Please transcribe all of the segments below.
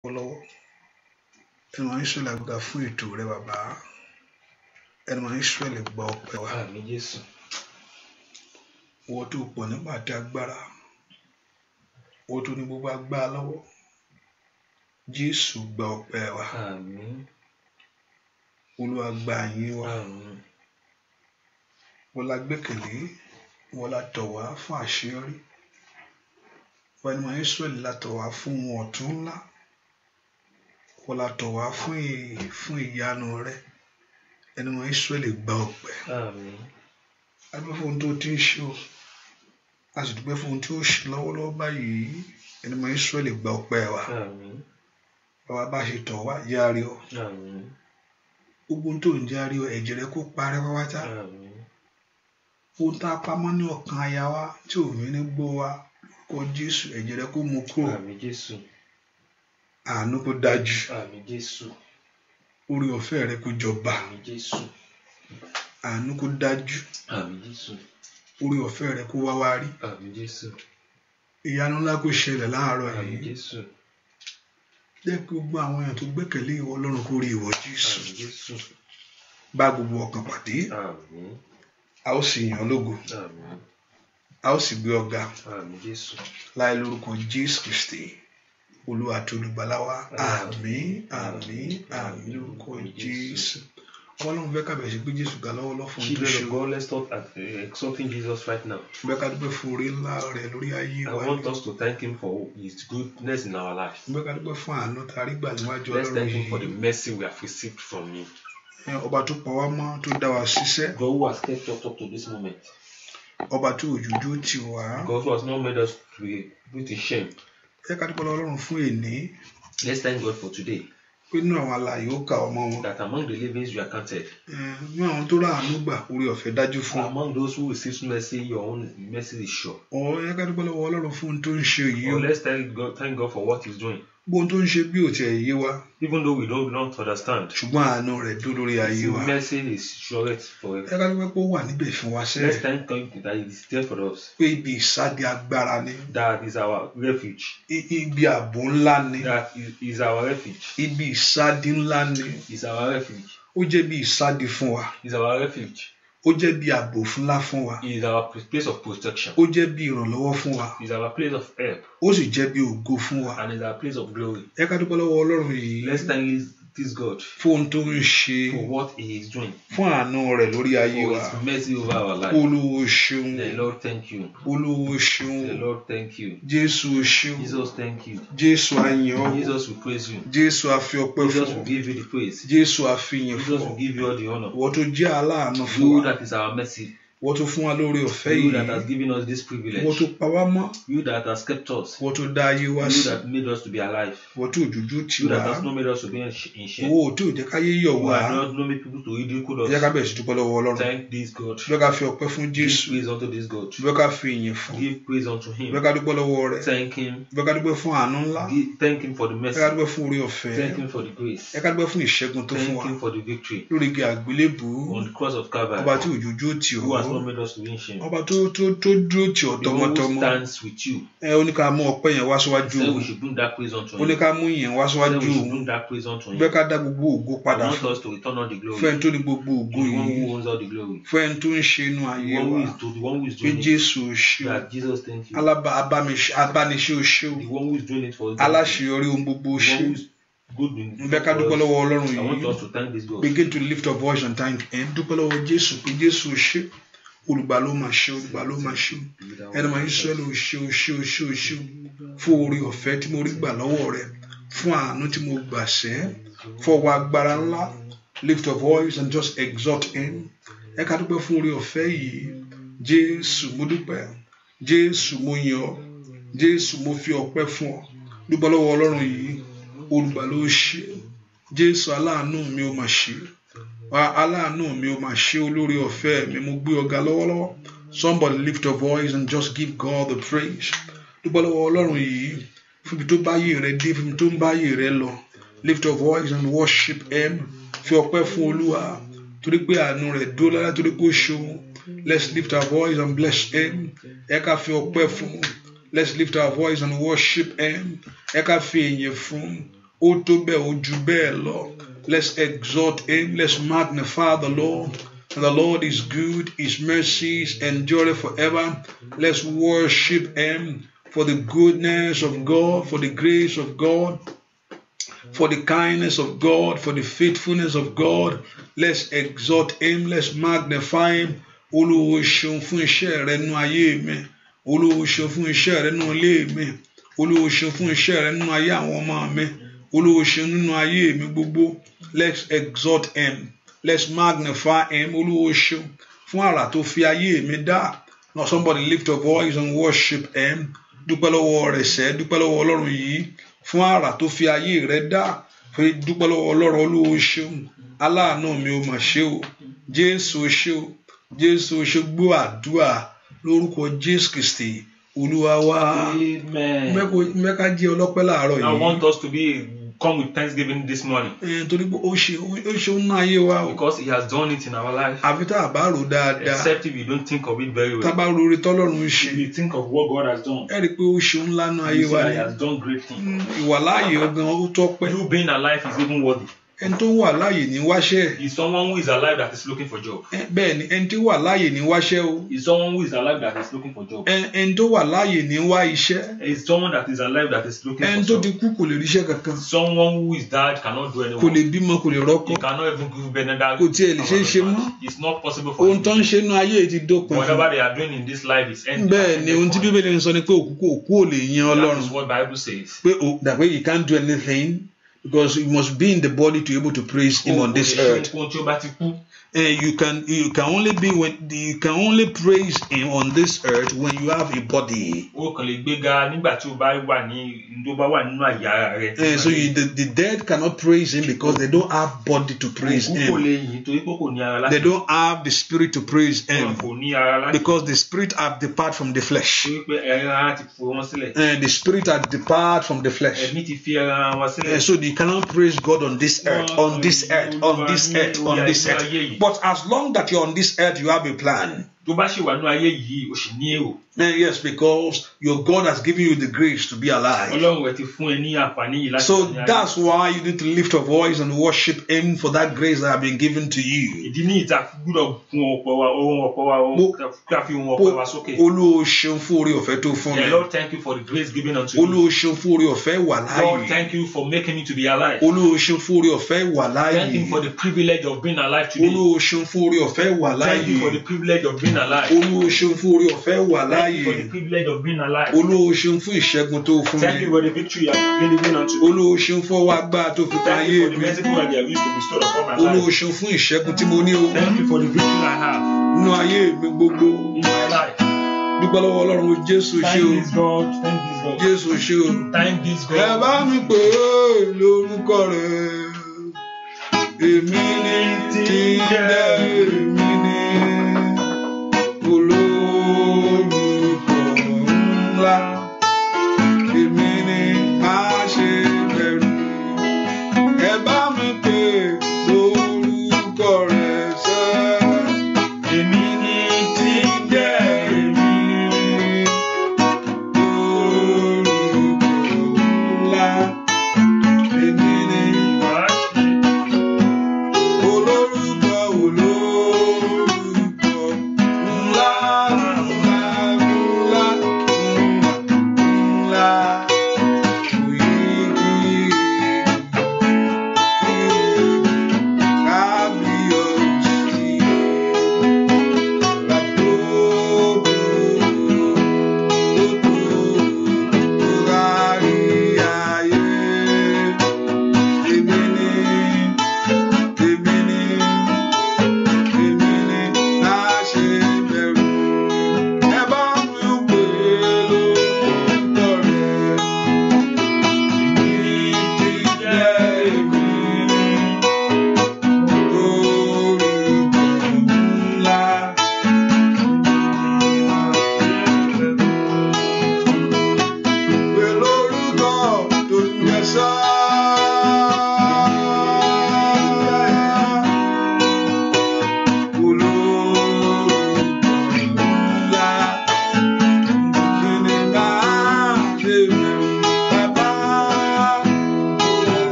lọ́wọ́lọ́wọ́ ẹnu àwọn Ísírẹ́lì àgbà fún ètò rẹ bàbá ẹnu àwọn Ísírẹ́lì gba ọpẹ́ wa wọ́n tó pọ̀ nípa àti agbára wọ́n tó ní gbogbo agbára lọ́wọ́ Jésù gba ọpẹ́ wa Olúwa gba yín wa wọ́n la gbẹ́kẹ̀lé wọ́n la tọ̀ wá fún àṣeyọrí wọ́n ẹnu àwọn Ísírẹ́lì la tọ̀ wá fún ohun ọ̀tun ńlá ọpẹ́ la tọ̀ wá fún fún ìyanu rẹ ẹni mọ Ísírẹ́lì gba ọpẹ́ adúgbò fún ohun tó ti ń ṣe o a sì dúpẹ́ fún ohun tí ó ṣe lọ́wọ́lọ́wọ́ báyìí ẹni mọ Ísírẹ́lì gba ọpẹ́ wa bàbá bá ṣe tọ̀ wá yáre o gbogbo tó ń járe o ẹ̀jẹ̀ rẹ kó parẹ́ pápátá ohun tá a pamọ́ ní ọkàn aya wa tí òun ní gbọ́ wa lórúkọ Jésù ẹ̀jẹ̀ rẹ kó mú kúrò àánú kó dájú orí ọ̀fẹ́ rẹ kó jọba àánú kó dájú orí ọ̀fẹ́ rẹ kó wá wá rí ìyanu ńlá kó ṣẹlẹ̀ láàárọ̀ yìí jẹ́ kí gbogbo àwọn èèyàn tó gbẹ́kẹ̀lé ìwọ Ọlọ́run kó rí ìwọ Jésù bá gbogbo ọkàn pàdé a ó sì yàn lógo a ó sì gbé ọ̀gá láì lórúkọ Jésù Kristi olúwa àti olùgbàlà wa àmín àmín àmín jésù wọn lóun fẹ́ kàbẹ sí pé jésù ga lọ́wọ́ lọfún tó ṣe. let's stop at uh, exalting Jesus right now. bẹ́ẹ̀ ká dúpẹ́ fún orí ńlá rẹ̀ lórí ayé wa. I want us to thank him for his goodness in our lives. bẹ́ẹ̀ ká dúpẹ́ fún àánú tàrí gbà níwájú ọlọ́run yìí. let's thank him for the mercy we have received from him. ọba tó pa wá mọ́ tó dá wa ṣiṣẹ́. God who has kept us up to this moment. ọba tó òjòjò ti wá. God who has not made us to be put shame jẹ́ ká dúpẹ́ lọ́wọ́ fún èní. let's thank God for today. pé nínú àwọn alààyè ó ka ọmọ wọn. that among the living you are counted. nínú àwọn tó rà àánú gbà orí ọ̀fẹ́ dájú fún. among those who receive mercy your own mercy is sure. ọ̀ jẹ́ ká dúpẹ́ lọ́wọ́ fún ohun tó ń ṣe yìí. or let's thank God, thank God for what He's doing gbogbo tó ń ṣe bí ò tiẹ̀ yé wa. even though we don't not understand. ṣùgbọ́n àánú rẹ̀ dúró lórí ayé wa. his mercy is sure for us. ẹ ká pé ó wà níbẹ̀ fún wa sẹ́yìn. next time come that is there for us. pé ibi ìsádi agbára ni. that is our refuge. ibi ààbò ńlá ni. that is our refuge. ibi ìsádi ńlá ni. is our refuge. ó jẹ́ bí ìsádi fún wa. is our refuge ó jẹ́ bí ààbò fúnlá fún wa. he is our place of protection. ó jẹ́ bí ìrànlọ́wọ́ fún wa. he is our place of help. ó sì jẹ́ bí ògo fún wa. and he is our place of glory. ẹ ká dúpẹ́ lọ́wọ́ ọlọ́run yìí. let's thank him Please God. Fún ohun tó ń ṣe. For what he is doing. Fún àánú rẹ̀ lórí ayé wa. For his mercy over our lives. Olúwo ṣeun. The Lord thank you. Olúwo ṣeun. The Lord thank you. Jésù ṣeun. Jesus thank you. Jésù àyàn. Jesus we praise you. Jésù a fi fún. Jesus we give you the praise. Jésù a fún. Jesus we give you all the honor. Wọ́n tó jẹ́ aláàánú fún wa. You that is our mercy wọ́n tún fún wa lórí ọ̀fẹ́ yìí. you that has given us this privilege. wọ́n tún pa wá mọ́. you that has kept us. wọ́n tún dá ayé wá sí. you that made us to be alive. wọ́n tún òjòjú tì you that has not made us to be in shame. owó tí ò jẹ́ káyé yọ̀ wá. you have not known many people to ridicule us. jẹ́ ká bẹ̀rẹ̀ sí dúpẹ́ lọ́wọ́ ọlọ́run. thank this God. bí wọ́n ká fi ọpẹ́ fún Jésù. give praise unto this God. bí wọ́n ká fi ìyìn fún. give praise unto him. bí wọ́n ká dúpẹ́ lọ́wọ́ rẹ̀. thank him. bí wọ́n ká dúpẹ́ fún àánú ńlá. thank him for the mercy. bí thank him for the grace. thank him for the victory. on the cross of Calvary. ọba tí ọba tó tó tó dúró tì ọ́ tọmọtọmọ ẹ ó ní ká mú ọpẹ́ yẹn wá síwájú òun ó ní ká mú yẹn wá síwájú òun bẹ́ẹ̀ ká dá gbogbo ògo padà fẹ́ẹ́ tó ní gbogbo ògo yìí fẹ́ẹ́ tó ń ṣe inú ayé wa pé Jésù ṣe alábà abániṣe òṣèlú aláṣeyọrí ohun gbogbo òṣèlú bẹ́ẹ̀ ká dúpẹ́ lọ́wọ́ yìí begin to lift up voice and thank him Jésù pé Jésù ṣe. Olùgbà ló máa ṣe olùgbà máa ṣe ẹni máa Ísírẹ́lì ò ṣe ò ṣe ò ṣe ò ṣe fún orí ọ̀fẹ́ tí mo rí gbà lọ́wọ́ rẹ fún àánú tí mo gbà sẹ́ fún agbára ńlá lift your voice and just exalt him ẹ ká dúpẹ́ fún orí ọ̀fẹ́ yìí Jésù mo dúpẹ́ Jésù mo yìn ọ́ Jésù mo fi ọpẹ́ fún ọ dúpẹ́ lọ́wọ́ Ọlọ́run yìí olùgbà ló ṣe Jésù aláàánú mi ò mà ṣe aláàánú mi ó máa ṣe olórí ọ̀fẹ́ mi mo gbé ọ̀gá lọ́wọ́lọ́wọ́ somebody lift your voice and just give God the praise dúpẹ́ lọ́wọ́ ọlọ́run yìí fún ibi tó bá yè rẹ dé fún ibi tó ń bá rẹ lọ lift your voice and worship him fi ọpẹ́ fún olúwa torí pé àánú rẹ̀ dó lára torí pé ó ṣeun let's lift our voice and bless him ẹ fi ọpẹ́ fún let's lift our voice and worship him ẹ ká fi èyìn fún ó tó bẹ́ẹ̀ ó bẹ́ẹ̀ lọ. Let's exalt Him. Let's magnify the Lord. The Lord is good. His mercies endure forever. Let's worship Him for the goodness of God, for the grace of God, for the kindness of God, for the faithfulness of God. Let's exalt Him. Let's magnify Him. fún iṣẹ́ rẹ nú ayé mi. fún iṣẹ́ rẹ nú ilé mi. fún iṣẹ́ rẹ nú ayé àwọn ọmọ mi. nínú ayé mi gbogbo. let's exalt him let's magnify him olúwo ṣeun fún àrà tó fi ayé mi dá now somebody lift your voice and worship him dúpẹ́ lọ́wọ́ rẹ̀ sẹ́ dúpẹ́ lọ́wọ́ ọlọ́run yìí fún àrà tó fi ayé rẹ̀ dá fi dúpẹ́ lọ́wọ́ ọlọ́run olúwo aláàánú mi ò mà ṣe o jésù ṣe o jésù ṣe gbọ́ àdúrà lórúkọ jésù kristi olúwa wa mẹ́ka jẹ́ ọlọ́pẹ́ láàárọ̀ yìí. I want us to be a come with thanksgiving this morning. torí pé ó ṣe ó ṣe ń ná ayé wa. because he has done it in our life. àfi tá dáadáa. except if you don't think of it very well. tá a tọ́lọ́run ṣe. if you think of what God has done. ẹ rí i pé ó ṣe ńlá ná ayé wa he has done great things. Mm, ìwàláàyè ọgbọ̀n ó tọ́pẹ́. you being alive is even worthy ẹni tó wà láàyè ní wáṣẹ́. is someone who is alive that is looking for job. bẹ́ẹ̀ni ẹni tó wà láàyè ní wáṣẹ́ o. is someone who is alive that is looking for job. ẹni tó wà láàyè ní wá iṣẹ́. is someone that is alive that is looking for job. ẹni tó ti kú kò lè ríṣẹ́ kankan. someone who is dead cannot do anyone. kò lè bímọ kò lè rọ́kọ. he cannot even give birth another. kò tiẹ̀ lè ṣeé ṣe mọ́. it's not possible for him. ohun tó ń ṣe inú ayé ti dópin. whatever they are doing in this life is ending. bẹ́ẹ̀ni ohun tí bíbélì ń sọ ni pé òkú kò kú ò lè yan Ọlọ́run. that is what Bible says. pé o dàgbé you can't do anything. because you must be in the body to be able to praise him on this earth and uh, you can you can only be when you can only praise him on this earth when you have a body. Uh, so you, the, the dead cannot praise him because they don't have body to praise him. they don't have the spirit to praise him. because the spirit have depart from the flesh. and uh, the spirit have depart from the flesh. so you cannot praise God on this earth on this earth on this earth on this earth but as long that you're on this earth, you have a plan tó bá wà ní ayé yìí o ṣì ní èrò. yes because your God has given you the grace to be alive. Ọlọ́run ti fún ẹ ní àǹfààní yìí láti. so that's why you need to lift your voice and worship him for that grace that has been given to you. ìdí ní ìta gbúdọ̀ fún ọ̀pọ̀ wa ohun ọ̀pọ̀ wa ohun ká fi ohun ọ̀pọ̀ wa sókè. ṣeun fún ọ̀fẹ́ tó fún mi. Lord thank you for the grace given unto me. Olúwa ṣeun fún ọ̀fẹ́ wà láàyè. Lord thank you for making me to be alive. Olúwa ṣeun fún ọ̀fẹ́ wà láàyè. Thank you for the privilege of being alive today. Olúwa ṣeun fún ọ̀fẹ́ wà láàyè. Thank you for the privilege of being olúwo ṣeun fún orí ọ̀fẹ́ wà láàyè olúwo ṣeun fún ìṣẹ́gun tó fún mi olúwo ṣeun fún ọwọ́ agbára tó fi ta ayé mi olúwo ṣeun fún ìṣẹ́gun tí mo ní o nínú ayé mi gbogbo dúpẹ́ lọ́wọ́ ọlọ́run jésù ṣe o jésù ṣe o ẹ bá mi pè é lórúkọ rẹ̀ èmi ni tí ń dẹ́ èmi. dulu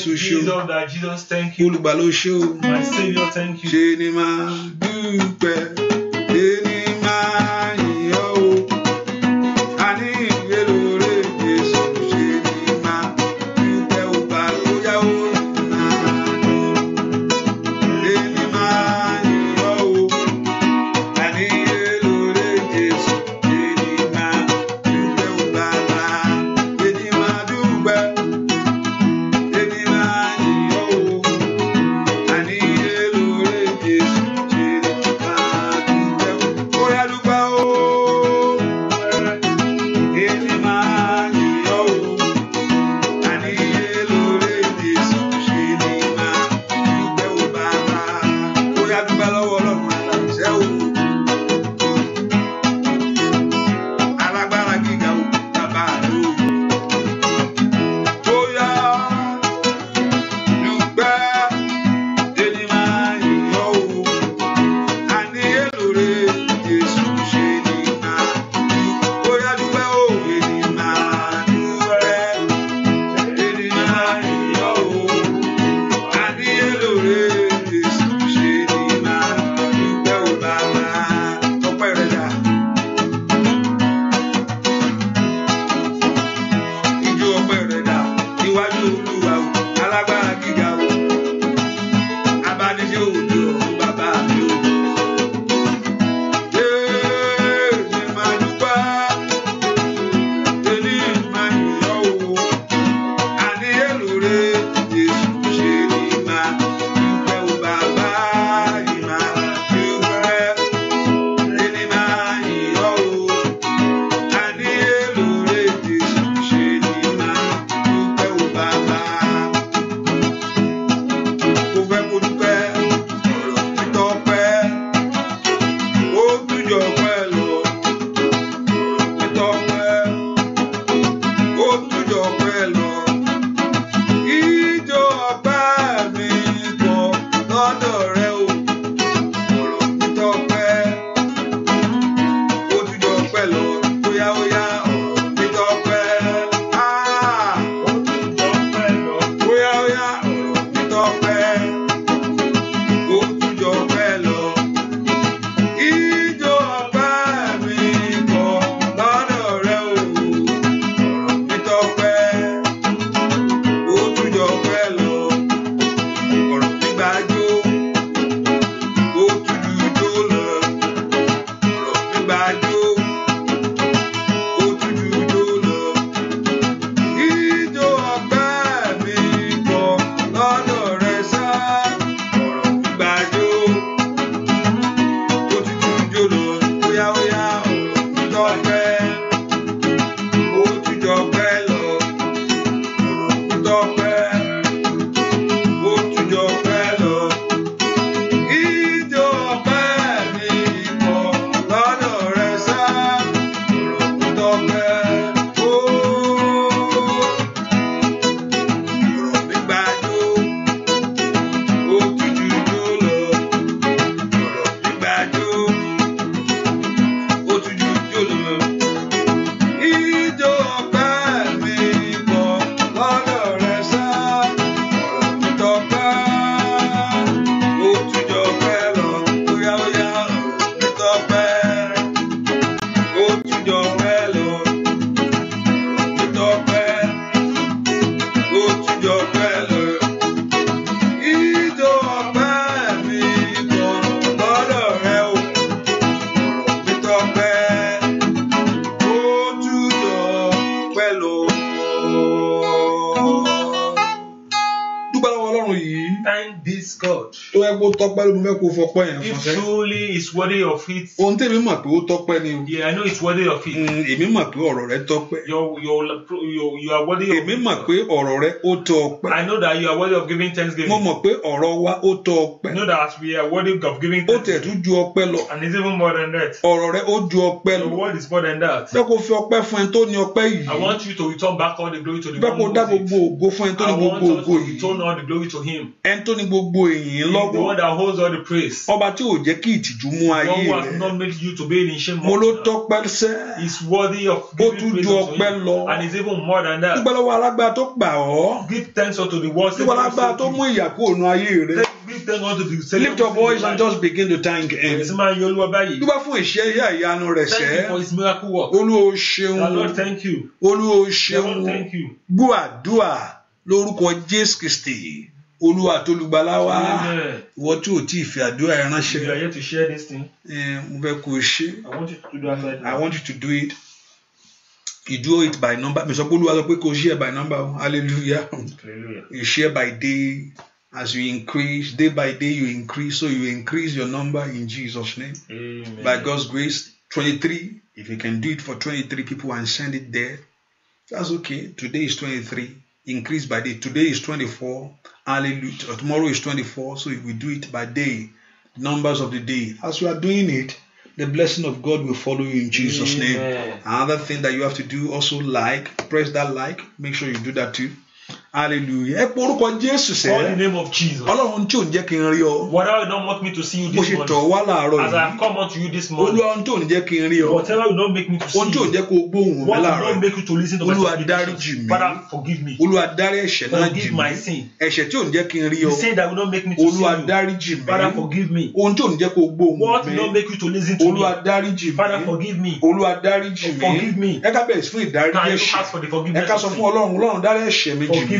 Jésù ṣe o. Olùgbàlà o ṣe o. Ṣe ni máa. do meu cu, it's worthy of it. ohun tèmi mọ̀ pé ó tọ́pẹ́ ni o. yeah I know it's worthy of it. Mm, èmi mọ̀ pé ọ̀rọ̀ rẹ tọ́pẹ́. your your you are worthy of. èmi mọ̀ pé ọ̀rọ̀ rẹ ó tọ́ I know that you are worthy of giving thanksgiving. mo mọ̀ pé ọ̀rọ̀ wa ó tọ́ know that we are worthy of giving thanksgiving. ó tẹ̀ tún ju ọpẹ́ lọ. and it's even more than that. ọ̀rọ̀ rẹ ó ju ọpẹ́ lọ. the world is more than that. bẹ́ẹ̀ kó fi ọpẹ́ fún ẹni tó ní ọpẹ́ yìí. I want you to return back all the glory to the one who owns it. bẹ́ẹ̀ kó dá gbogbo ògo fún ẹni tó ní gbogbo ògo yìí. I want you to return all the glory to him. ẹni the one that holds all the praise. ọba tí ò jẹ́ kí ìtìjú mú ayé rẹ mo ló tọ́pẹ́ sẹ́ ó tún ju ọpẹ́ lọ dúpẹ́ lọ́wọ́ alágbára tó gbà ọ́ dúpẹ́ alágbára tó mú ìyà kúrò nù ayé rẹ lift your voice and just begin to thank him. dúpẹ́ fún ìṣe yá ìyanu rẹ̀ sẹ́ olúwo ṣeun olúwo ṣeun gbúàdúà lórúkọ Jésù Kristi olúwa tó lùgbàlà wá ìwọ tí ò tí ì fi àdúrà ẹ ránṣẹ́ mo fẹ́ kó o ṣe i want you to do it you do it by number mi sọ pé olúwa sọ pé kó o ṣe by number hallelujah you share by day as you increase day by day you increase so you increase your number in jesus name Amen. by god's grace twenty-three if you can do it for twenty-three people and send it there that's okay today is twenty-three increase by day today is twenty-four Hallelujah. Tomorrow is 24, so we do it by day, numbers of the day. As we are doing it, the blessing of God will follow you in Jesus' Amen. name. Another thing that you have to do also like, press that like, make sure you do that too. hallelujah ẹ pé jésù sẹ. call the name of jesus. ọlọ́run tí ò ń jẹ́ kí n rí ọ. whatever you don't want me to see you this morning. ṣe tọ̀ wá láàárọ̀ yìí. as I come unto you this morning. olúwa ohun tí ò ń jẹ́ kí n rí ọ. whatever you don't make me to see you. ohun tí ò ń jẹ́ kó gbóhùn mi láàárọ̀. what make you to listen to my olúwa dáríjì mi. father forgive me. olúwa dárí ẹ̀ṣẹ̀ náà jì mí. forgive my sin. tí ò ń jẹ́ kí n rí ọ. the sin that will not make me to see you. olúwa dáríjì mi. father forgive me. ohun tí ò ń jẹ́ kó gbóhùn mi. make you to listen to me. olúwa dáríjì mi. father forgive me. olúwa dáríjì mi. forgive me. ẹ ká bẹ̀rẹ̀ sí fún ìdáríjì ẹ̀ṣẹ̀. ẹ ká sọ fún ọlọ́run ọlọ́run dárí ẹ̀ṣẹ̀ mi jì mí.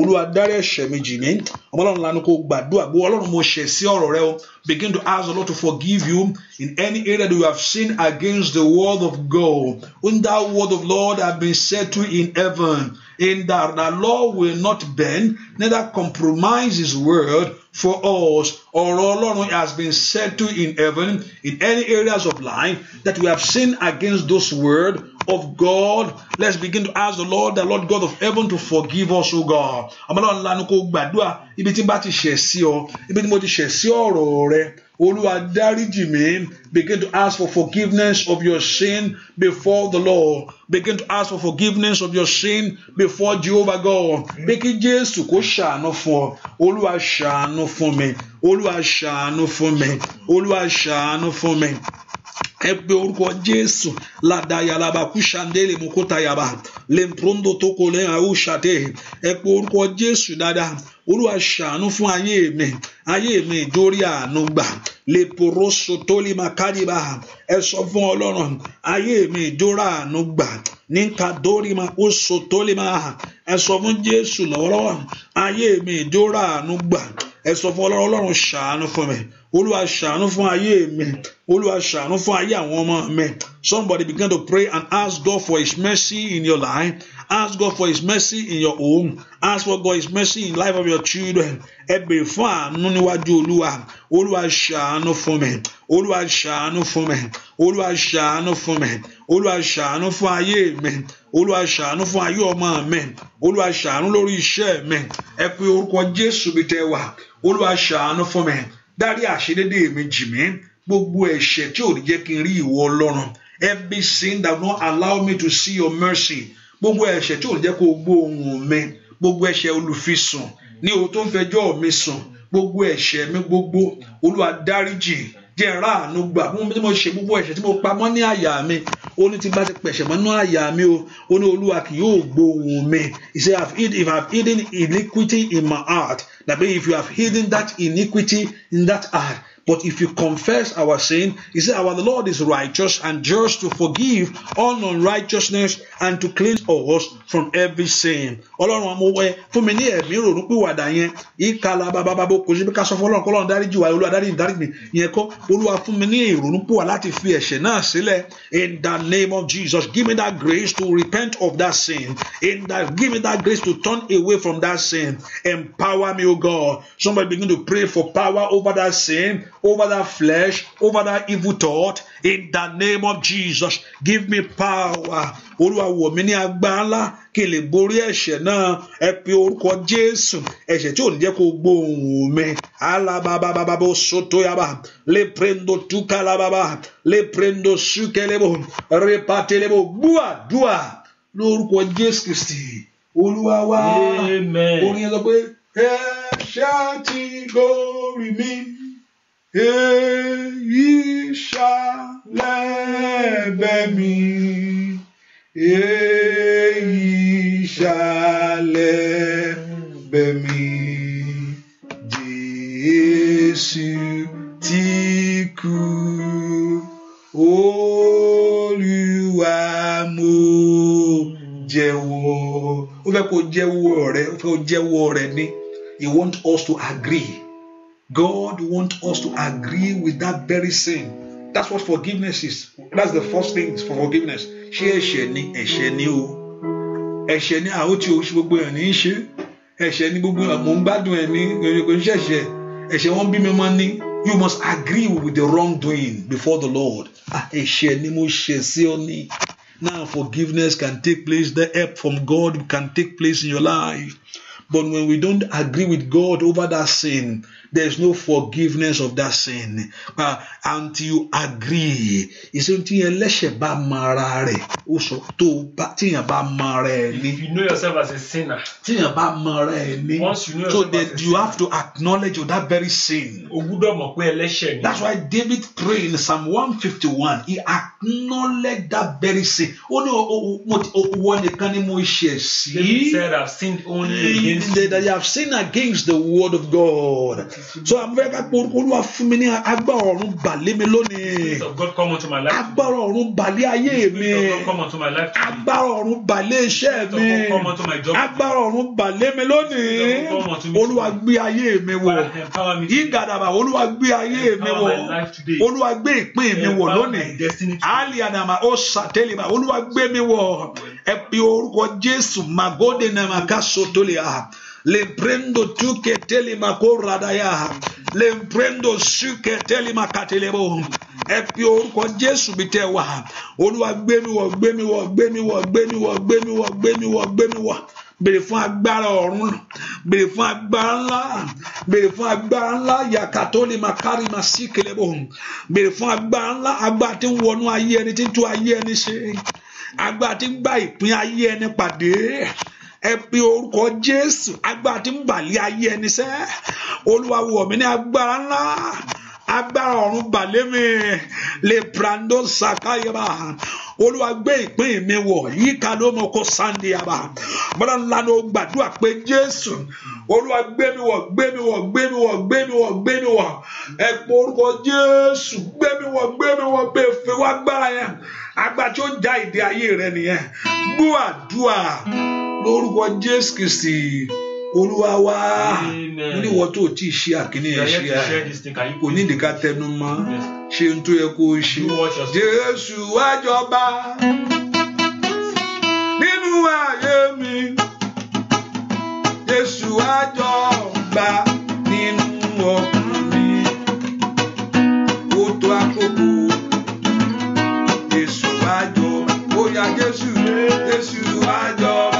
olúwa ẹ̀ṣẹ̀ mi jì ọmọ ọlọ́run lanu kó gbàdúrà gbó ọlọ́run mo ṣẹ̀ sí ọ̀rọ̀ rẹ o begin to ask the Lord to forgive you in any area that you have sinned against the word of God when that word of Lord have been settled in heaven in that the Lord will not bend, neither compromise his word for us, or Lord has been said to in heaven, in any areas of life that we have sinned against those word of God. Let's begin to ask the Lord, the Lord God of heaven, to forgive us, O God. Olúwa dáríjì mi begin to ask for forgiveness of your sin before the Lord begin to ask for forgiveness of your sin before Jehovah God pé kí Jésù kó ṣàánú fún ọ Olúwa ṣàánú fún mi Olúwa ṣàánú fún mi Olúwa ṣàánú fún mi ẹ pe orúkọ jésù ládàyàlábà kúṣàndélé mokótayàbà lẹ́ńtòròǹdò tó kò lẹ́yìn àwòṣàdé ẹ pe orúkọ jésù dáadáa olúwa ṣàánú fún ayé mi ayé mi ìdórí àánú gbà lè poró sotó lè máa kárìbà ẹ sọ fún ọlọ́run ayé mi ìdórí àánú gbà ní kadórí máa kó sotó lè máa ẹ sọ fún jésù lọ́wọ́lọ́wọ́ ayé mi ìdórí àánú gbà ẹ sọ fún ọlọ́run ọlọ́run ṣàánú fún mi olúwa ṣàánú fún ayé mi olúwa ṣàánú fún ayé àwọn ọmọ mi somebody began to pray and ask God for his mercy in your life ask God for his mercy in your home ask for God's mercy in life of your children ẹ bèrè fún àánú níwájú olúwa olúwa ṣàánú fún mi olúwa ṣàánú fún mi olúwa ṣàánú fún mi olúwa ṣàánú fún ayé mi olúwa ṣàánú fún ayé ọmọ mi olúwa ṣàánú lórí iṣẹ́ mi ẹ pé orúkọ Jésù bí tẹ wà olúwa ṣàánú fún mi dárí àṣedédé mi jì mí gbogbo ẹ̀ṣẹ̀ tí ò ní jẹ́ kí n rí ìwọ ọlọ́run every sin that not allow me to see your mercy gbogbo ẹ̀ṣẹ̀ tí ò ní jẹ́ kó gbọ́ ohùn mi gbogbo ẹ̀ṣẹ̀ olùfisùn ní ohun tó ń fẹjọ́ mi sùn gbogbo ẹ̀ṣẹ̀ mi gbogbo olúwa dáríjì jẹ́ ń ráàánú gbà bí mo ṣe gbogbo ẹ̀ṣẹ̀ tí mo pamọ́ ní àyà mi ó ní tí bá ti pẹ̀ṣẹ̀ mọ́ nínú àyà mi o ó ní olúwa kì yóò gbóhùn mi he say if I have hidden iniquity in my heart that means if you have hidden that iniquity in that heart But if you confess our sin, he said, Our Lord is righteous and just to forgive all unrighteousness and to cleanse us from every sin. Ọlọ́run ọmọ wẹ fún mi ní ẹ̀mí ìrònú pìwàdà yẹn ìkàlà bàbàbàbò kò sí bí ká sọ fún Ọlọ́run kọ́ Ọlọ́run dáríjì wá Olúwa dáríjì dáríjì mi yẹn kọ́ Olúwa fún mi ní ìrònú pìwà láti fi ẹ̀ṣẹ̀ náà sílẹ̀ in the name of Jesus give me that grace to repent of that sin in that give me that grace to turn away from that sin empower me o God somebody begin to pray for power over that sin. over that flesh, over that evil thought. In the name of Jesus, give me power. Olúwa wọ̀ mí ní agbára ńlá kí n lè borí ẹ̀ṣẹ̀ náà. Ẹ pe orúkọ Jésù. Ẹ̀ṣẹ̀ tí ò ní jẹ́ kó gbóhùn mi. Alábàbàbàbò soto yaba. Le prendo tuka lababa. Le prendo sukelebo. Repatelebo. Gbúà dúà lórúkọ Jésù Kristi. Olúwa wá. Orin yẹn sọ pé ẹ̀ṣẹ̀ ti gorí mi èyí ṣàlẹ́bẹ̀ mi èyí ṣàlẹ́bẹ̀ mi Jésù ti kú Olúwa mo jẹ́wọ́ ó fẹ́ kó jẹ́wọ́ rẹ̀ ó fẹ́ kó jẹ́wọ́ rẹ̀ ni he want us to agree. God wants us to agree with that very sin. That's what forgiveness is. That's the first thing for forgiveness. She is sheni, ẹ̀ṣẹ̀ ni o? Ẹ̀ṣẹ̀ ni àwọn o ṣe gbogbo ẹ̀ ní í ṣe. Ẹ̀ṣẹ̀ ni gbogbo ẹ̀ mò ń gbádùn ẹ̀ she, kò she ṣẹ̀ṣẹ̀. Ẹ̀ṣẹ̀ wọn You must agree with the wrongdoing before the Lord. Ah, now forgiveness can take place. The help from God can take place in your life. But when we don't agree with God over that sin, there's no forgiveness of that sin uh, until you agree ìṣe tí yẹn lẹ́ṣẹ̀ bá mọ ara rẹ̀ ó sọ tó bá tíyàn bá mọ ara ẹ̀ ní. if you know yourself as a sinner. tíyàn bá mọ ara ẹ̀ ní. once you know yourself so as a sinner. so you have to acknowledge of that very sin. o gbúdọ̀ mọ̀ pé ni. that's why David pray in Psalm one fifty one he acknowledge that very sin ó ní òwò nìkan ni mo ṣẹ̀ sí. David said I have sinned only against you. that I have sinned against the word of God so àmúfẹ́ ká pé olúwa fún mi ní agbára ọ̀run bàlẹ́ mi lónìí agbára ọ̀run bàlẹ́ ayé mi agbára ọ̀run bàlẹ́ iṣẹ́ mi agbára ọ̀run bàlẹ́ mi lónìí olúwa gbé ayé mi wọ̀ ìgàdàbà olúwa gbé ayé mi wọ̀ olúwa gbé ìpín mi wọ̀ lónìí aliadama ó sàtẹ́lẹ̀mà olúwa gbé mi wọ̀ ẹ pe orúkọ jésù màgódé nàmàkà que lemprendo tuke telima koradaya lemprendo suke telima katelebo ẹpi orúkọ jésù bíi tẹ wá olúwa gbémiwọ gbémiwọ gbémiwọ gbémiwọ gbémiwọ gbémiwọ gbémiwọ béèrè fún agbára ọ̀run béèrè fún agbára ńlá béèrè fún agbára ńlá yakatoli makari masi kelebo béèrè fún agbára ńlá agbára tí ń wọnú ayé ẹni tí ń tún ayé ẹni ṣe agbára tí ń gba ìpín ayé ẹni pàdé. ẹ oruko orúkọ jésù agbára tí ń bàlẹ́ ayé ẹni sẹ́ olúwa wọ̀ mí ní agbára ńlá agbára ọ̀run bàlẹ́ mi lè brando sakayaba olúwa gbé ìpín mi wọ̀ yíká ló mọ kó sànni yaba bọ́dọ̀ ńlá ló gbàdúrà pé jésù olúwa gbé mi wọ̀ gbé mi wọ̀ gbé mi wọ̀ gbé mi wọ̀ gbé mi wọ̀ orúkọ jésù gbé lórúkọ Jésù Kristi olúwa wá níwọ tó ti ṣe àkíní ẹ ṣe à kò ní ìdíkà tẹnu mọ́ ṣe ń tó yẹ kó o ṣe Jésù wá nínú ayé mi Jésù wá jọba nínú ọkàn mi ó tó àkókò Jésù wá ó yá Jésù Jésù wá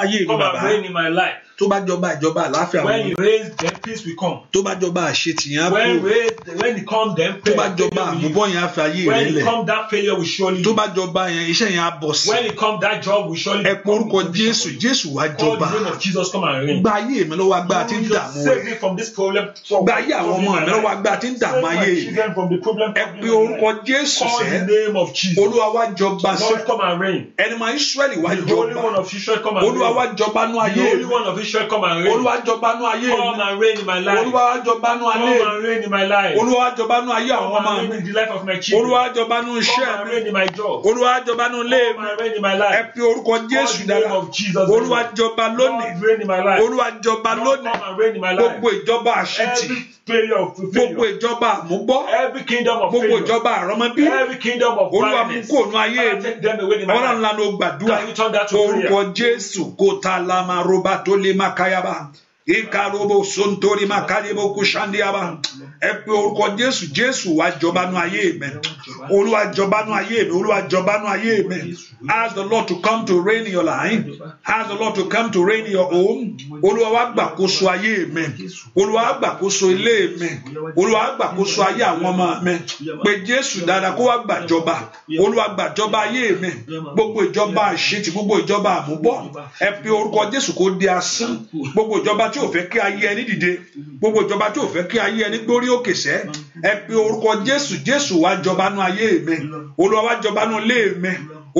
ayé mi bàbá. in my life. tó bá jọba ìjọba àlàáfíà wọn. when you raise, then peace will come. tó bá jọba àṣetìyàn á when you reign come then prayer. tó bá jọba àbúbọ̀ yẹn á ayé rẹ lẹ̀. when it come that failure will surely leave. tó bá jọba yẹn iṣẹ́ yẹn á bọ̀ sí. when it come that job will surely. ẹ porúkọ Jésù Jésù wá jọba. call the name of Jesus come and reign. gba ayé mi lọ́wọ́ agbára tí ń dààmú rẹ̀. gba ayé àwọn ọmọ mi lọ́wọ́ agbára tí ń dààmú ayé rẹ̀. ẹ pe orúkọ Jésù sẹ́. Olúwa wá jọba sẹ́. ẹni máa Ísírẹ́lì wá jọba. Olúwa wá jọba nú ayé rẹ̀. Olúwa jọba nú ayé rẹ̀. Olúwa jọba nú ayé rẹ̀. Olúwa jọba jọba nú ayé àwọn ọmọ mi olúwa jọba nú iṣẹ́ mi olúwa jọba nú ilé mi ẹ fi orúkọ Jésù dára olúwa jọba lónìí olúwa jọba lónìí gbogbo ìjọba àṣetì gbogbo ìjọba àmúgbọ́ gbogbo ìjọba àrọ́mọbí olúwa mú kó nu ayé mi ọlọ́run ńlá ló gbàdúrà orúkọ Jésù kò ta lamaro tó lè má káyà bá ikarobo sontori makarebo kushandiaba ẹ pé orúkọ jésù jésù wá jọba nú ayé mi olúwa jọba nú ayé mi olúwa jọba nú ayé mi ask the lord to come to reign in your life ask the lord to come to reign in your home olúwa wá gbàkóso ayé mi olúwa wá gbàkóso ilé mi olúwa wá gbàkóso ayé àwọn ọmọ mi pé jésù dáadáa kó wá gbàjọba olúwa gbàjọba ayé mi gbogbo ìjọba àṣetì gbogbo ìjọba àmúbọ ẹ pé orúkọ jésù kó di asán gbogbo ìjọba tí ò fẹ́ kí ayé ẹni dìde gbogbo ìjọba tí ò fẹ́ kí ayé ẹni gbórí òkè sẹ́ ẹ pe orúkọ jésù jésù wá jọba nú ayé mi olúwa wá jọba nú ilé mi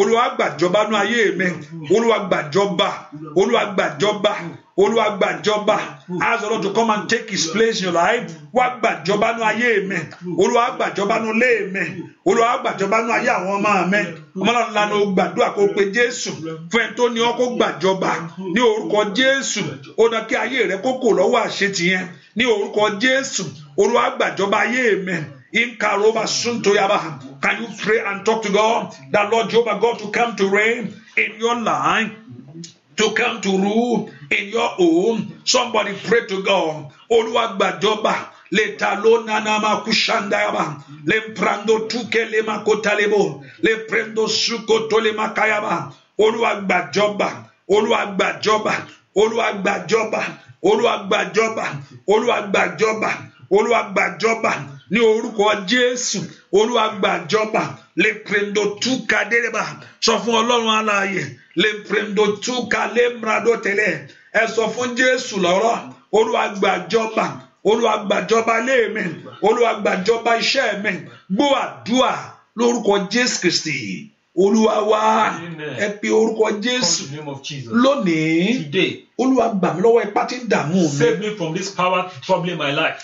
olúwa gbàjọba nú ayé mi olúwa gbàjọba olúwa gbàjọba olúwa gbàjọba ask the Lord to come and take his place in your life wá gbàjọba nú ayé mi olúwa gbàjọba nú ilé mi olúwa gbàjọba nú ayé àwọn ọmọ mi ọmọláwọn lánàá ó gbàdúrà kó pe jésù fún ẹni tó ní ọ kó gbàjọba ní orúkọ jésù ó dán kí ayé rẹ kó kò lọ́wọ́ àṣetì yẹn ní orúkọ jésù olúwa gbàjọba ayé mi. In Suntoyaba, can you pray and talk to God, that Lord Jehovah God to come to reign in your life, to come to rule in your home. Somebody pray to God. Olúwa gbàjọba le talo nanama kushandayaba le prando tuke le makotalebo le prendo to le makayaba Olúwa gbàjọba Olúwa gbàjọba Olúwa gbàjọba Olúwa gbàjọba Olúwa gbàjọba Olúwa gbàjọba ní orúkọ Jésù Olúwa gbàjọba le prendo tuka dereba sọ fún Ọlọ́run alààyè le prendo tuka le mrado tẹlẹ ẹ sọ fún Jésù lọ́rọ̀ Olúwa gbàjọba Olúwa gbàjọba ilé mi Olúwa gbàjọba iṣẹ́ mi gbọ́ àdúà lórúkọ Jésù Kristi olúwa wa ẹ pe orúkọ jésù lónìí olúwa gbà mí lọ́wọ́ dààmú mi. save me from this power troubling my life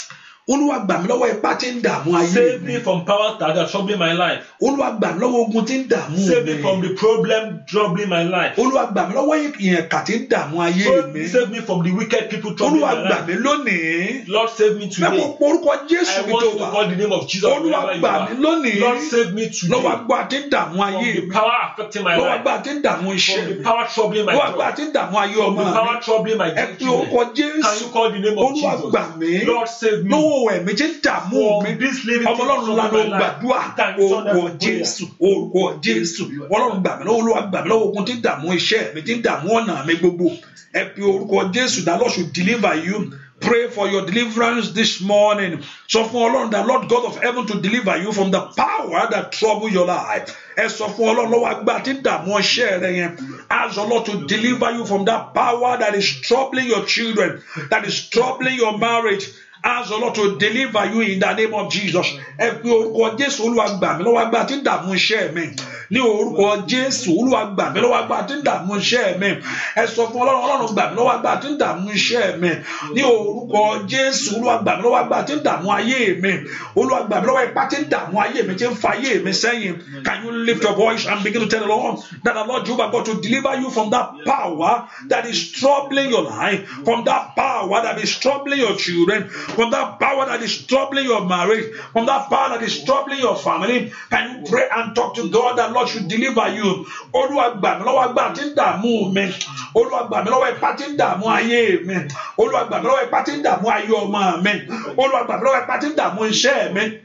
olúwa gbà mí lọ́wọ́ ipá tí ń dààmú ayé mi. save me from power that are troubling my life. olúwa gbà mí lọ́wọ́ ogun tí ń dààmú mi. save me from the problem troubling my life. olúwa gbà mí lọ́wọ́ ìyànkà tí ń dààmú ayé mi. save me from the wicked people troubling my life. olúwa gbà mí lónìí. lord save me today. mẹ́kò porúkọ jésù mi tó wà. i want to call the name of jesus wherever you are. olúwa gbà mí lónìí. lord save me today. lọ́wọ́ agbá tí ń dààmú ayé mi. from the power affecting my life. lọ́wọ́ agbá tí ń dààmú iṣẹ́ mi. from the power troubling my job. lọ́wọ́ agbá tí ń dààmú ayé ọmọ from the power troubling my children. can you call the name of jesus. olúwa lord save me ohun ẹ̀mí jẹ́ dààmú omi ọmọ ọlọ́run lanu gbàdúrà orúkọ jésù orúkọ jésù ọlọ́run gbàmí lọ́wọ́ olúwa gbàmí lọ́wọ́ ogun tí ń dààmú iṣẹ́ mi tí ń dààmú ọ̀nà mi gbogbo ẹ pe orúkọ jésù that Lord should deliver you pray for your deliverance this morning. Sọ fún Ọlọ́run the Lord God of heaven to deliver you from the power that trouble your life. Ẹ sọ fún Ọlọ́run lọ́wọ́ agbára tí dààmú ọṣẹ́ rẹ yẹn. Ask the Lord to deliver you from that power that is troubling your children, that is troubling your marriage, ask the Lord to deliver you in the name of Jesus ẹ pé orúkọ Jésù Olúwa gbà lọ́wọ́ agbá tí dààmú iṣẹ́ mi ní orúkọ Jésù Olúwa gbà lọ́wọ́ agbá tí dààmú iṣẹ́ mi ẹ sọ fún Ọlọ́run Ọlọ́run gbà mí lọ́wọ́ agbá tí dààmú iṣẹ́ mi ní orúkọ Jésù Olúwa gbà lọ́wọ́ agbá tí dààmú ayé mi Olúwa gbà lọ́wọ́ ipá tí dààmú ayé mi tí ń fa ayé mi sẹ́yìn can you lift your voice and begin to tell the Lord that the Lord Jehovah God to deliver you from that power that is troubling your life from that power that is troubling your children from that power that is troubling your marriage, from that power that is troubling your family. Can you pray and talk to God that Lord should deliver you? Olúwa gbà mí lọ́wọ́ agbára tí ń dààmú mi. Olúwa gbà mí lọ́wọ́ ipá tí ń dààmú ayé mi. Olúwa gbà mí lọ́wọ́ ipá tí ń dààmú ayé ọmọ mi. Olúwa gbà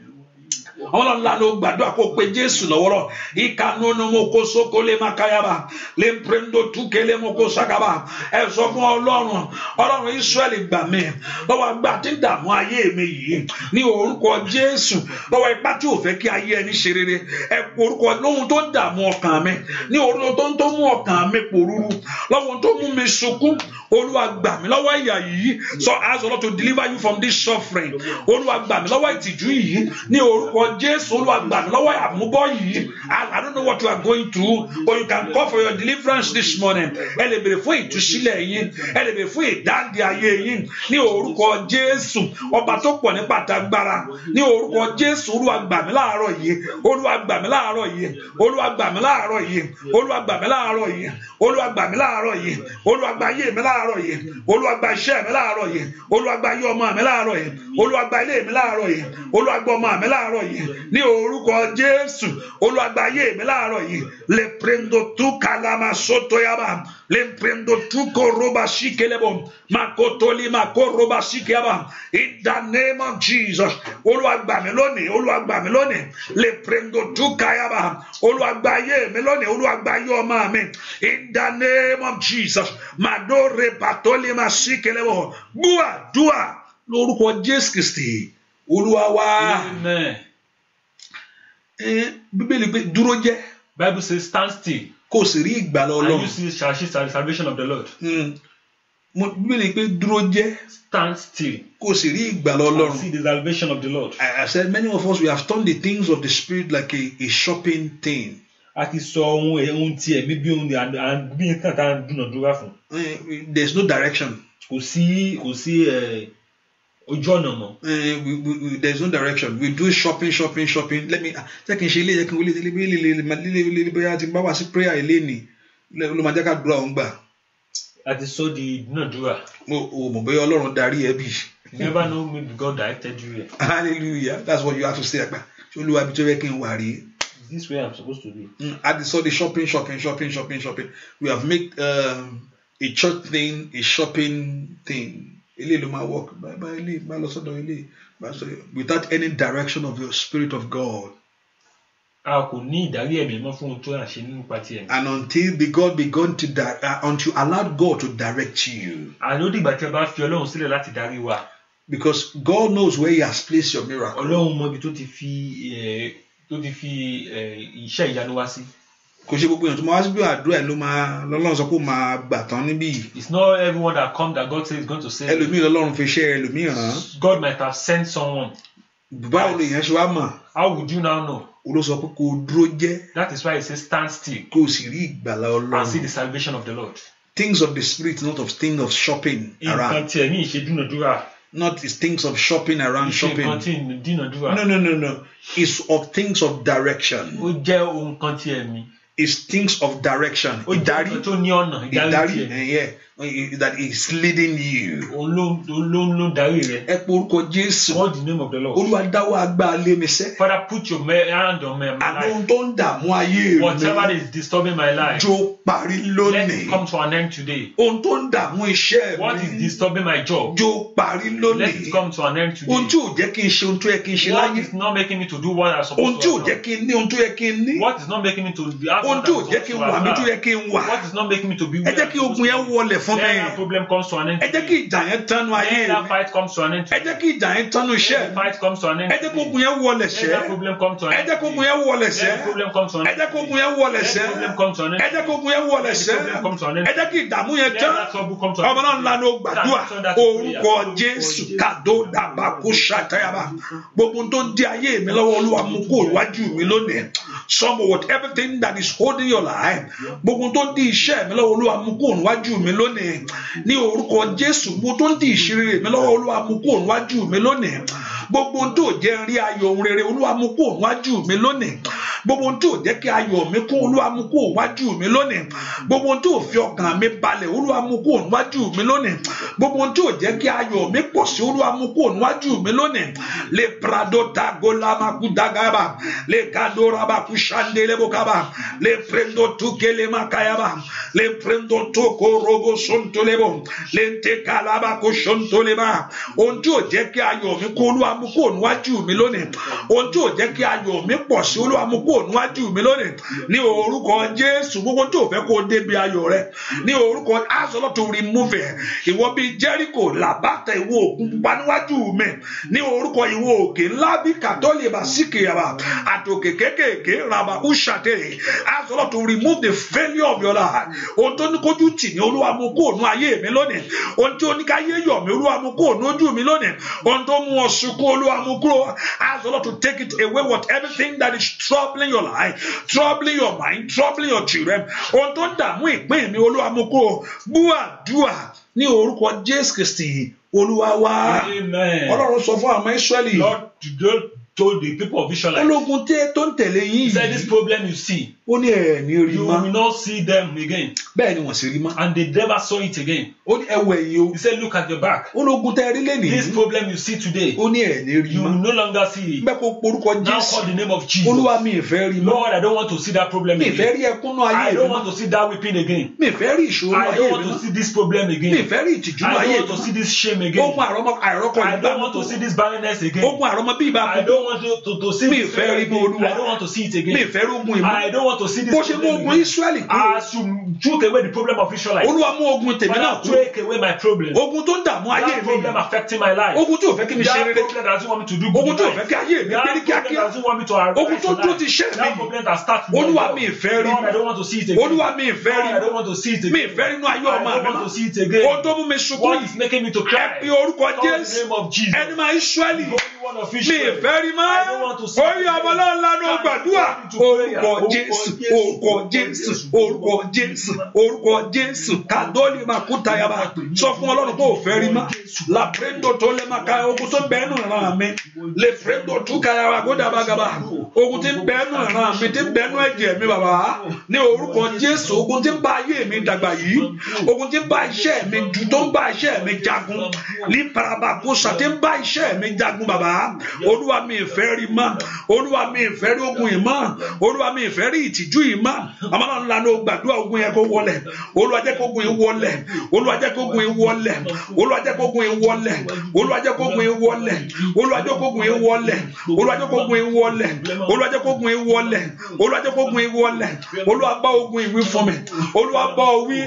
ọlọ́run lánàá ó gbàdúrà kó pe jésù lọ́wọ́rọ́ ìkànnì moko sóko lè má káyàbá lè ń pèrèndó túkẹ́ lè mọ̀kó sákàbá ẹ sọ fún ọlọ́run ọlọ́run israẹli gbà mí lọ́wọ́ agbá tí ń dààmú ayé mi yìí ní orúkọ jésù lọ́wọ́ ipá tí ò fẹ́ kí ayé ẹni ṣe rere ẹ orúkọ lóhun tó ń dààmú ọkàn mi ní orúkọ tó ń tó mú ọkàn mi pòrúurú lọ́wọ́ tó mú mi sunkún olúwa gbà mí lọ́wọ́ ìyà yìí so ask the to deliver you from this suffering olúwa gbà mí lọ́wọ́ ìtìjú yìí ní orúkọ Jesus, olùwàgbà lọ́wọ́ àmúbọ yìí I don't know what you are going through but you can call for your deliverance this morning ẹ lè béèrè fún ìtúsílẹ̀ yín ẹ lè béèrè fún ìdáǹdè ayé yín ní orúkọ Jésù ọba tó pọ̀ ní pàtàgbára ní orúkọ Jésù olùwàgbà mi láàárọ̀ yìí olùwàgbà mi láàárọ̀ yìí olùwàgbà mi láàárọ̀ yìí olùwàgbà mi láàárọ̀ yìí olùwàgbà mi láàárọ̀ yìí olùwàgbà ayé mi láàárọ̀ yìí olùwàgbà iṣẹ́ mi láàárọ̀ yìí olùwàgbà ayé ọmọ mi láàárọ̀ yìí olùwàgbà ilé mi láàárọ̀ yìí olùwàgbà ọmọ mi láàárọ̀ yìí yìí ní orúkọ Jésù olùwàgbáyé mi láàárọ̀ yìí lè prendo tú kalama soto yaba lè prendo tú kó roba sí kelebo makotoli mako roba sí keleba in the name of Jesus olùwàgbàmí lónìí olùwàgbàmí lónìí lè prendo tú kayaba olùwàgbáyé mi lónìí olùwàgbáyé ọmọ mi in the name of Jesus màdó repatoli ma sí kelebo gbúà dúà lórúkọ Jésù Kristi olúwa wa. Amen bíbélì pé dúró jẹ́. bible says stand still. kó sì rí ìgbàlà ọlọ́run. and you see shall see the salvation of the lord. Hmm. mo bíbélì pé dúró jẹ́. stand still. kó o sì rí ìgbàlà ọlọ́run. and see the salvation of the lord. I, I said many of us we have turned the things of the spirit like a, a shopping thing a ti sọ ohun ohun tiẹ mi bí ohun bí nǹkan tá a dúnàdúrà fún. Eh, there is no direction. kò sí kò sí eh, ojú ọ̀nà mọ́. there is no direction we do shopping shopping shopping let me ṣé kí n ṣe ilé yẹ kí n wọlé ilé ilé ilé ilé ilé ilé bóyá ti bá wà sí prayer ilé ni ló máa jẹ́ ká dúró àwọn gbà. a ti sọ di ìdúnàdúrà. mo ò mọ̀ bóyá ọlọ́run darí ẹ bì. you never know maybe God directed you here. hallelujah that's what you have to say àgbà ṣé olúwa bí tó yẹ kí n wà rí. this way i'm supposed to be. a ti sọ di shopping shopping shopping shopping shopping we have made um, a church thing a shopping thing ilé ló máa work bye bye ilé máa lọ sọ́dọ̀ ilé máa sọ without any direction of your spirit of God. a kò ní ìdarí ẹ̀mí mọ́ fún ohun tó à ń ẹ̀mí. and until the God begun to direct uh, until allowed God to direct you. àná ó dìgbà tí a bá fi Ọlọ́run sílẹ̀ láti darí wa. because God knows where he has placed your miracle. Ọlọ́run mọ ibi tó ti fi eh, tó ti fi eh, iṣẹ́ ìyanu wá sí kò ṣe gbogbo èèyàn tó máa àdúrà ẹ ló máa lọ́lọ́run sọ pé ó máa gbà tán níbí it's not everyone that come that God say is going to save. ẹlòmíì lọ́lọ́run fi ṣe ẹlòmíì God might have sent someone. báwo lè yẹn ṣe wá mọ̀. how would you now know. o sọ pé kó dúró jẹ́. that is why he says stand still. kó sì rí ìgbàlá Ọlọ́run. and see the salvation of the Lord. things of the spirit not of things of shopping around. nǹkan tiẹ̀ ní ìṣedúnadúrà. not is things of shopping around shopping. no no no no it's of things of direction. ó jẹ́ ohun kan tiẹ̀ mi. Is things of direction. ìdarí ìdarí ẹ̀yẹ eh, that is leading you. òun ló ń ló darí rẹ. ẹ pe Jésù. call the name of the Lord. Olúwa dáwọ́ mi sẹ́. Father put your hand on my life. àná tó ń dààmú ayé mi. whatever is disturbing my life. jọ̀ọ́ parí lónìí. let's come to an end today. ohun tó ń dààmú iṣẹ́ mi. what is disturbing my job. jọ̀ọ́ parí lónìí. let's come to an end today. ohun tí ò jẹ́ kí n ṣe ohun tó yẹ kí n ṣe láyé. what is not making me to do what I suppose to do. ohun tí ò jẹ́ kí n ní ohun tó yẹ kí n ní. what is not making me to have ohun tí ò jẹ́ kí n wà mí tó yẹ kí n wà ẹ jẹ́ kí ogun yẹn wọlẹ̀ fún mi ẹ jẹ́ kí ìjà yẹn tánu ayé mi ẹ jẹ́ kí ìjà yẹn tánu iṣẹ́ mi ẹ jẹ́ kí ogun yẹn wọlẹ̀ sẹ́ ẹ jẹ́ kí ogun yẹn wọlẹ̀ sẹ́ ẹ jẹ́ kí ogun yẹn wọlẹ̀ sẹ́ ẹ jẹ́ kí ogun yẹn wọlẹ̀ sẹ́ ẹ jẹ́ kí ìdààmú yẹn tán ọmọ náà ńlá ló gbàdúrà orúkọ Jésù kàdó dàbà kó ṣàtàyàbà gbogbo tó ń di ayé mi lọ́wọ́ Olúwa mú kó iwájú mi lónìí. Some with everything that is holding your life gbogbo tó di iṣẹ́ mi lọ́wọ́ olúwa mú kúrò níwájú mi lónìí ní orúkọ jésù gbogbo tó di ìṣeré mi lọ́wọ́ olúwa mú kúrò níwájú mi lónìí gbogbo ohun tó jẹ́ ń rí ayọ̀ ohun rere olúwa mú kó wájú mi lónìí gbogbo ohun tó jẹ́ kí ayọ̀ mi kún olúwa mú kó wájú mi lónìí gbogbo ohun tó fi ọkàn mi balẹ̀ olúwa mú wájú mi lónìí gbogbo ohun tó jẹ́ kí ayọ̀ mi pọ̀ sí olúwa mú wájú mi lónìí lè prado dago lamaku dagaba Le kado rabaku sandele bokaba lè prendo tukele makayaba Le prendo toko rogo sontolebo lè ntekalaba ko sontoleba ohun tó jẹ́ kí ayọ̀ mi kún olúwa mú mú kúrò níwájú mi lónìí ohun tí kí ayọ̀ mi pọ̀ sí olúwa mú kúrò níwájú mi lónìí ní orúkọ jésù gbogbo tí ò fẹ́ kó débi ayọ̀ rẹ ní orúkọ ask Lord to remove it ìwọ bíi jericho làbàtà ìwọ òkun pupa níwájú mi ní orúkọ ìwọ òkè ńlá bíi kàtólì bá síkìyàbá àtòkè kékèké raba ushate ask Lord to remove the failure of your life ohun tó ní kójú tì ní olúwa mú kúrò ní ayé mi lónìí ohun tí ó ní káyé yọ̀ mí olúwa mú kúrò mi lónìí ohun tó mú ọ sunkún Ask the Lord to take it away, what everything that is troubling your life, troubling your mind, troubling your children. Ohun tó ń dààmú ìpín mi Olúwa mú kúrò. Búàdúà ní orúkọ Jésù Kristì Olúwa wá. Ọlọ́run sọ fún àwọn Ísírẹ́lì. Lord told the people of Israel. Ológun tó ń tẹ̀lé yín yìí. He said this problem you see ó ní ẹ̀ẹ̀ni eh, rí mọ́. you will not see them again. bẹ́ẹ̀ ni wọ́n sì rí mọ́. and they never saw it again. ó ní ẹwọ ẹ̀yìn o. he said look at your back. ó ló gun tẹ́rí lé nìyí. this problem you see today. ó ní ẹ̀ẹ̀ni eh, rí mọ́. you will no longer see it. bẹ́ẹ̀ porúkọ jésù. now call the name of Jesus. olúwa mi ìfẹ́ rí mọ́. lord I don't want to see that problem again. mi ìfẹ́ rí ẹkún náà ayé mi. I don't want to see that weeping again. mi ìfẹ́ rí ìṣòro ayé mi. I don't want to see this problem again. mi ìfẹ́ rí ìtìjú ayé mi. I don't want to see this shame again. ohun àrọ́mọ àrọ́kọ I don't want to see this barrenness again. ohun àrọ́mọ bí ibà kú. I don't I don't want to see it again. mi ìfẹ́ rí I don't want to see this. bó ṣe mú ogun israeli kúrò. as you took away the problem of israelite. olúwa mú ogun tèmi náà kúrò. father take away my problem. ogun tó ń dààmú ayé mi. that problem affecting my life. ogun tí o fẹ́ kí mi ṣe rere. that problem doesn't want me to do good life. ogun tí o fẹ́ kí ayé mi gbé kíákíá. that problem doesn't want me to arrive ogun tó dúró ti ṣe mi. that problem that start me. olúwa mi ìfẹ́ rí mi. olúwa mi ìfẹ́ rí mi. mi ìfẹ́ rí inú ayé ọmọ mi mọ́. ohun tó mú mi sunkún yìí. ẹ pe orúkọ jésù ẹni máa israeli mi ìfẹ́ rí mọ́. orí ọmọ náà lánàá gbàdúrà orúkọ oh, oh, jésù jésù orúkọ jésù orúkọ jésù orúkọ jésù kadoli makuta yaba sọ fún ọlọ́run tó fẹ́ rí ma làbẹ́ndò tó lè má ka ogun tó bẹ́ẹ̀ nù ràn mí lè fẹ́ndò tú kayaba kódàbàgàbà ogun tí bẹ́ẹ̀ nù ràn mí tí bẹ́ẹ̀ nù ẹ̀jẹ̀ mi bàbá ní orúkọ jésù ogun tí bá ayé mi dàgbà yìí ogun tí bá iṣẹ́ mi dùn tó ń mi jagun ní parabako sàtẹ́ ń bá iṣẹ́ mi jagun bàbá olúwa mi ìfẹ́ rí ma olúwa mi ìfẹ́ rí ogun yìí ma olúwa mi ìfẹ́ rí ìtìjú yìí má àmàlà ńlá ló gbàdúrà ogun yẹn kó wọlẹ̀ Olúwa jẹ́ kó gun ìwọlẹ̀ Olúwa jẹ́ kó gun ìwọlẹ̀ Olúwa jẹ́ kó gun ìwọlẹ̀ Olúwa jẹ́ kó gun ìwọlẹ̀ Olúwa jẹ́ kó gun ìwọlẹ̀ Olúwa jẹ́ kó gun ìwọlẹ̀ Olúwa jẹ́ kó gun ìwọlẹ̀ Olúwa jẹ́ kó gun ìwọlẹ̀ Olúwa bá ogun ìwí fún mi Olúwa bá owí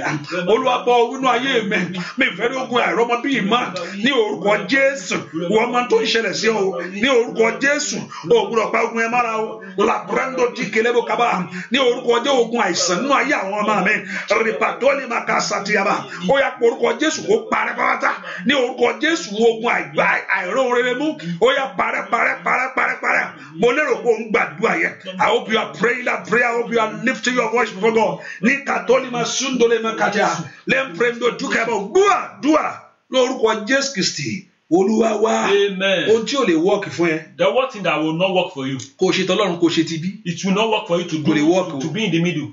Olúwa bá owí nú ayé mi mi fẹ́ rí ogun àìrọ́mọbí yìí má ní orúkọ Jésù wọ́n máa tó ń sí ọ ní orúkọ Jésù ògùn ọ̀pá ogun ẹ̀ mára o làbúrẹ́ńdò tí kele bó kaba ní orúkọ jẹ́ ogun àìsàn nínú ayé àwọn ọmọ mi rìpàtọ́lì máa ka sàtìyàbá ó yà pé orúkọ Jésù kó parẹ́ pátá ní orúkọ Jésù ogun àìrún rere mú ó yà parẹ́ parẹ́ parẹ́ parẹ́ parẹ́ mo lérò pé o ń gbàdúrà yẹn I hope you are praying that prayer I hope you are lifting your voice before God ní kàtọ́lì máa súndolè máa kàtà lẹ́ńpẹ́rẹ́ mi ò dúkẹ́ bọ̀ gbúà dúà lórúkọ Jésù Kristi olúwa wá ohun tí ò lè work fún ẹ. the one thing that will not work for you. kò ṣe tọlọ́run kò ṣe ti bí. it will not work for you to do to, to be in the middle.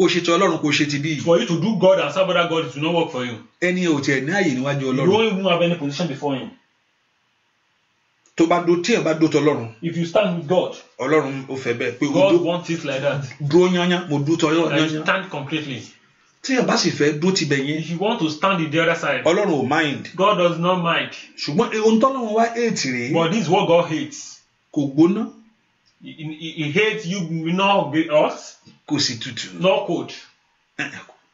kò ṣe tọlọ́run kò ṣe ti bí. for you to do God and serve other God it will not work for you. ẹni ò tiẹ̀ ní àyè níwájú ọlọ́run. you don't even have any position before him. tó bá do tí ẹ bá do tọlọ́run. if you stand with God. ọlọ́run ò fẹ́ bẹ́ẹ̀ pé o do. God wants it like that. dúró yányán mo dúró tọ yányán. I stand completely téèyàn bá sì fẹ́ dúró tibẹ̀ yẹn. if you want to stand in the other side. ọlọ́run ò mind. God does not mind. ṣùgbọ́n ohun tọ́lọ́run wá hate rèé. but this is what God hates. kò gbóná. he, he, hates you not be us. kò sì tutù. no cold. Eh,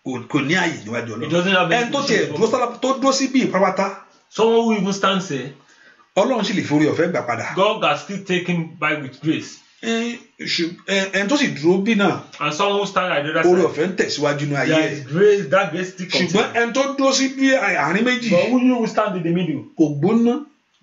eh, kò ní àyè níwájú ọlọ́run. he doesn't have any. ẹni tó tiẹ̀ dúró sálábà tó dúró sí bíi pápátá. someone who even stands there. ọlọ́run sì lè forí ọ̀fẹ́ gbà padà. God can still take him by with grace ẹn tó sì dúró bí náà. and someone stand at the other side. orí ọ̀fẹ́ ń tẹ̀síwájú ní ayé. there is grace that grace still continue. ṣùgbọ́n ẹn tó dúró sí bí àárín méjì. but who you stand in the middle. kò gbóná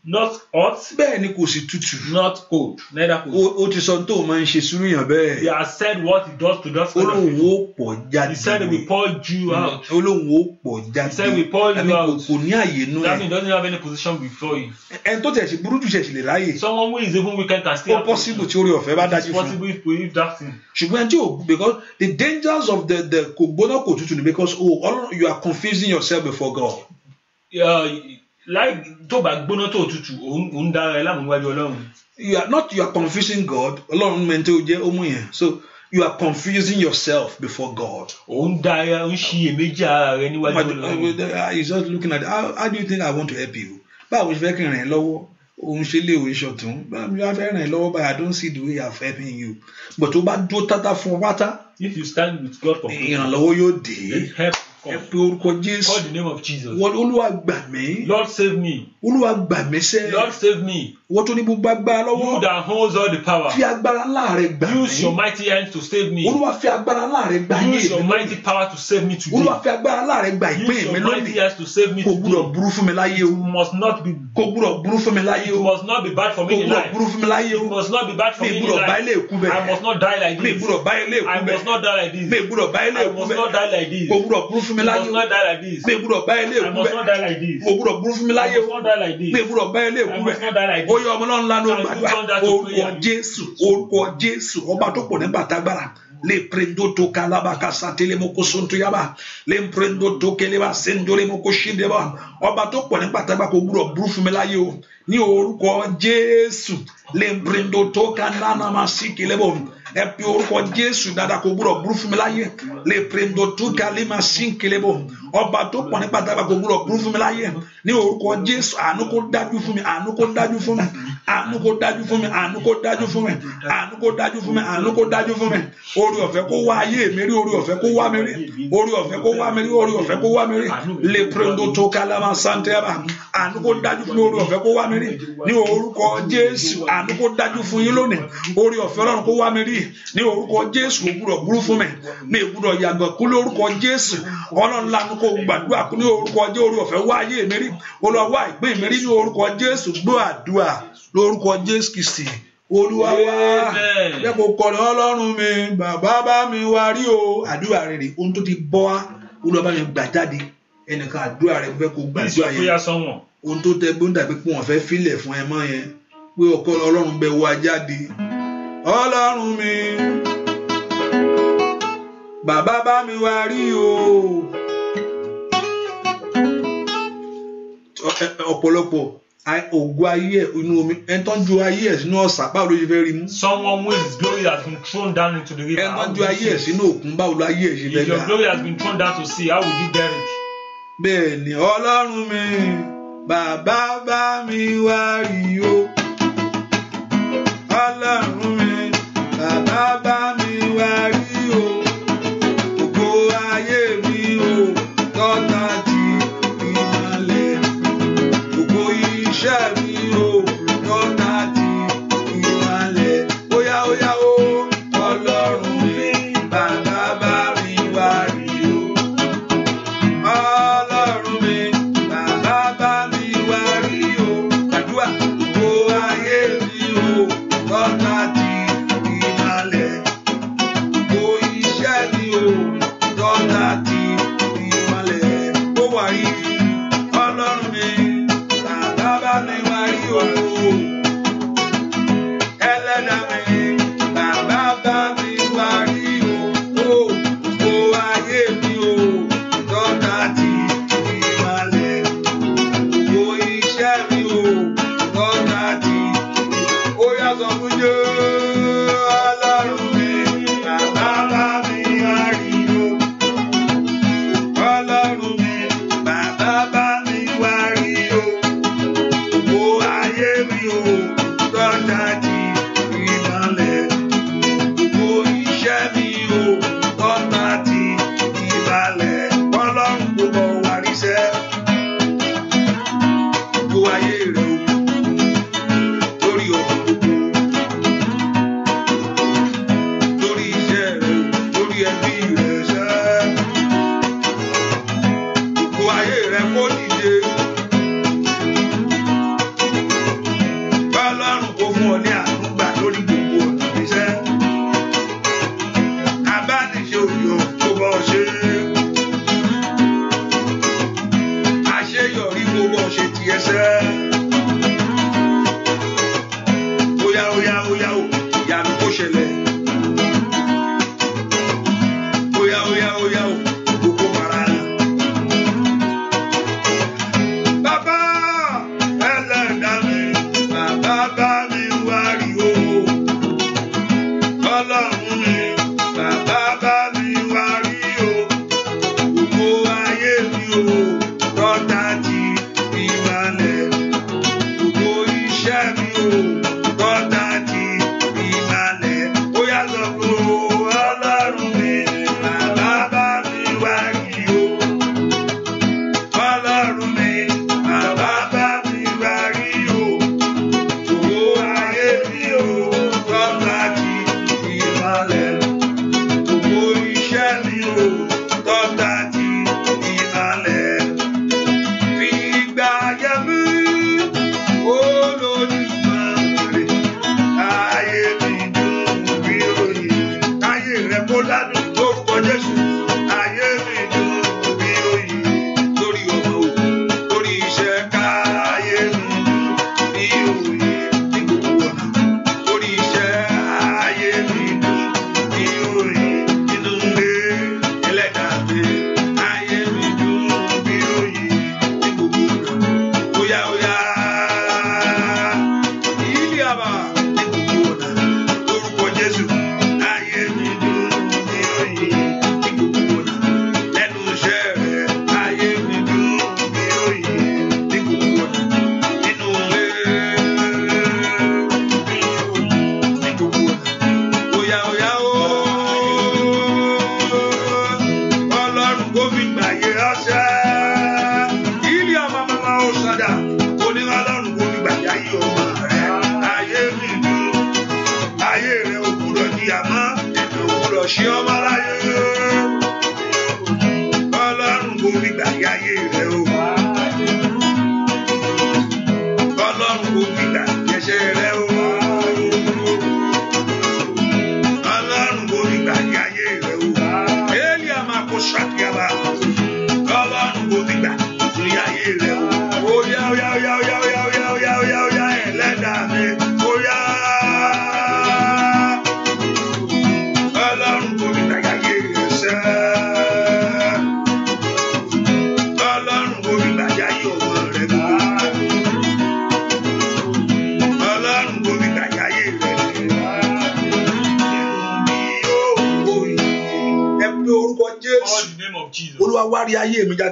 not hot. bẹ́ẹ̀ ni kò sì tutù. not cold neither cold. o ti sọ tó o máa ń ṣe sínú yàn bẹ́ẹ̀. he has said what he does to that kind of people. olóhùn ó pọ̀ jáde. he said we pour you mm. out. olóhùn ó pọ̀ jáde. he said we pour you out. kò ní àyè nú ẹ. that means he doesn't have any position before you. ẹni tó tẹ̀sí burú jù ṣẹ̀ṣì lè ráyè. someone who is even wicked can still. ó possible tí orí ọ̀fẹ́ bá dájú fún. it's possible if that thing. ṣùgbọ́n ẹni tí o because the dangers of the the kò gbóná kò tutù ni because oh you are confusing yourself before God. Yeah, láì tó bá gbóná tó tutù òun dára ẹ lámúwájú ọlọ́run. you are not you are confusing God ọlọ́run mẹ́ntẹ́ o jẹ́ ọmú yẹn so you are confusing yourself before God. òun dára ń ṣiyèméjì ara rẹ níwájú uh, ọlọ́run. Uh, he is just looking at how, how do you think I want to help you báwo ṣe fẹ́ kí n ràn ẹ́ lọ́wọ́ òun ṣe lé òun ṣọ̀tún báwo ṣe fẹ́ ràn ẹ́ lọ́wọ́ báyìí I don't see the way I'm helping you but tó bá dúró tátá fún ọ pátá. if you stand with God for prayer. ìrànlọ́wọ́ yóò dé. help ẹ pe orúkọ jésù call the name of jesus wọ́n olúwa gbà mí lord save me olúwa gbà mí sẹ́ lord save me wọ́n tó ní bó bá gbá lọ́wọ́ you that holds all the power fi agbára ńlá gbà mí use your mighty hand to save me olúwa fi agbára ńlá gbà mí use your mighty power to save me today olúwa fi agbára ńlá gbà ìpín mi lónìí use your mighty hand to save me today kò gbúdọ̀ burú fún mi láyé o must not be kò gbúdọ̀ burú fún mi láyé o must not be bad for me in life kò gbúdọ̀ burú fún mi láyé o must not be bad for me in life mi gbúdọ̀ báyìí lè kú bẹ́ẹ̀ i must not die like this mi gbúdọ̀ báyìí lè kú bẹ́ẹ̀ i must not die like this mi gbúdọ̀ báyìí lè kú bẹ́ẹ̀ i must not die like this kò gbúdọ̀ burú fún mi láyé mi gbúdọ̀ bá ilé èkú bẹ́ẹ̀ mo gbúdọ̀ burú fún mi láyé mi gbúdọ̀ bá ilé èkú bẹ́ẹ̀ ó yẹ ọmọ náà ńlá ní olùgbàdúrà orúkọ Jésù orúkọ Jésù ọba tó pọ̀ nígbà tágbára le prendo to kalaba kasate le moko sonto yaba le prendo to keleba sendo le moko shindeba ọba tó pọ̀ nípa tágbà kò gbúdọ̀ burú fún mi láyé o ní orúkọ Jésù le prendo to kanana masiki lebo ẹ pe orúkọ Jésù dáadáa kò gbúdọ̀ burú fún mi láyé lè pèrè ndo tó galè máa sí nkele ọba tó pọ̀ nípa tábà kò gbúdọ̀ kún fún mi láyé ní orúkọ jésù àánú kó dájú fún mi àánú kó dájú fún mi àánú kó dájú fún mi àánú kó dájú fún mi àánú kó dájú fún mi àánú kó dájú fún mi orí ọ̀fẹ́ kó wá ayé mi rí orí ọ̀fẹ́ kó wá mi rí orí ọ̀fẹ́ kó wá mi rí orí ọ̀fẹ́ kó wá mi rí lè pèrèndó tó kálámà sáńtẹ́rà àánú kó dájú fún mi orí ọ̀fẹ́ kó wá mi rí ní orúkọ jésù àánú kó dájú fún yín lónìí orí ọ̀fẹ́ ọlọ́run kó wá mi rí ní orúkọ jésù kò burú fún mi mi ọlọ́run kò gbàdúrà ní orúkọ jẹ́ orí ọ̀fẹ́ wá ayé mi ìpín mi ní orúkọ jésù gbọ́ àdúrà lórúkọ jésù kìsì olúwa wá bẹ́ẹ̀ kò ọlọ́run mi bàbá bá mi wá rí o àdúrà rẹ̀ rè ohun tó ti bọ́ wá olúwa bá mi gbà jáde ẹnìkan àdúrà rẹ̀ bẹ́ẹ̀ kò gbàdúrà yẹn ohun tó tẹ gbóńdà pé kí wọ́n fẹ́ filẹ̀ fún ẹ mọ́ yẹn pé ọkọ ọlọ́run bẹ wá jáde ọlọ́run mi bàbá bá mi wá rí o. ọ̀pọ̀lọpọ̀ ògùn ayé ẹ̀ inú omi ẹni tó ń ju ayé ẹ̀ sínú ọ̀sà báwo ló ṣe fẹ́ rí mú. someone whose glory has been thrown down into the river. ẹni tó ń ju ayé ẹ̀ sínú òkun báwo ló ayé ẹ̀ ṣe fẹ́ gbà. if your glory has been thrown down to sea how would you bear it. bẹ́ẹ̀ ni ọlọ́run mi bàbá bá mi wá rí o ọlọ́run mi bàbá bá mi.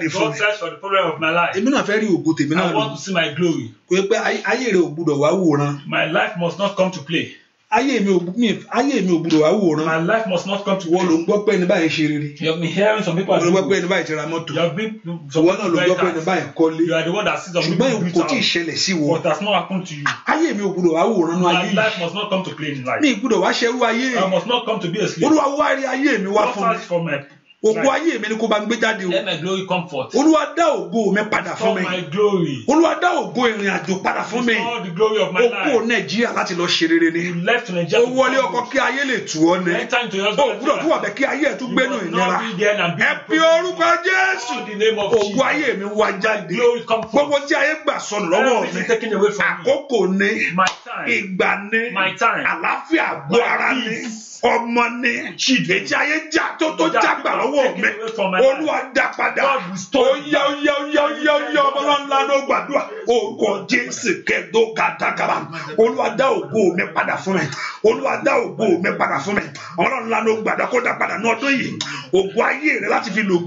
jáde God search for the problem of my life. èmi náà fẹ́ rí ògo tèmi náà lò. I want to see my glory. kò yẹ pé ayé rẹ ò gbúdọ̀ wá wòran. my life must not come to play. ayé mi ò mi ayé mi ò gbúdọ̀ wá wòran. my life must not come to play. wọ́n ló ń gbọ́ pé ẹni báyìí ṣe rere. you have been hearing some people as you go. wọ́n ló gbọ́ pé ẹni báyìí ti ra mọ́tò. you have been some people very tight. wọ́n náà ló gbọ́ pé ẹni báyìí kọ́lé. you are the one that sees some people with out. ṣùgbọ́n not happen to you. my life must not come to play I must not come to be a slave. olúwa wá ògo ayé mi ni kó bá ń gbé jáde o. my glory come forth. olúwa dá ògo mi padà fún mi. my glory. olúwa dá ògo ìrìn àjò padà fún mi. restore the glory of my life. ògo nàìjíríà láti lọ ṣe rere ni. you left Nigeria o wọlé ọkọ kí ayé lè tù ọ ni. o gbúdọ̀ tó wà bẹ́ẹ̀ kí ayé ẹ̀ tún gbénu ìnira. ẹ pe orúkọ jésù. ògo ayé mi wá jáde. gbogbo tí ayé gbà sọnù lọ́wọ́ mi. àkókò ni ìgbà ni àlàáfíà àgbo ara ni ọmọ ni ètí ayé jà tó tó jágbà lọ́wọ́ mi olúwa dá padà ó yá ó yá ó yá ó yá ó yá ọmọ ńlá ló gbàdúrà orúkọ jésù kẹdó kàtàkàrà olúwa dá ògo mi padà fún mi olúwa dá ògo mi padà fún mi ọmọ ńlá ló gbàdúrà kó dá padà ní ọdún yìí ògo ayé rẹ láti fi lò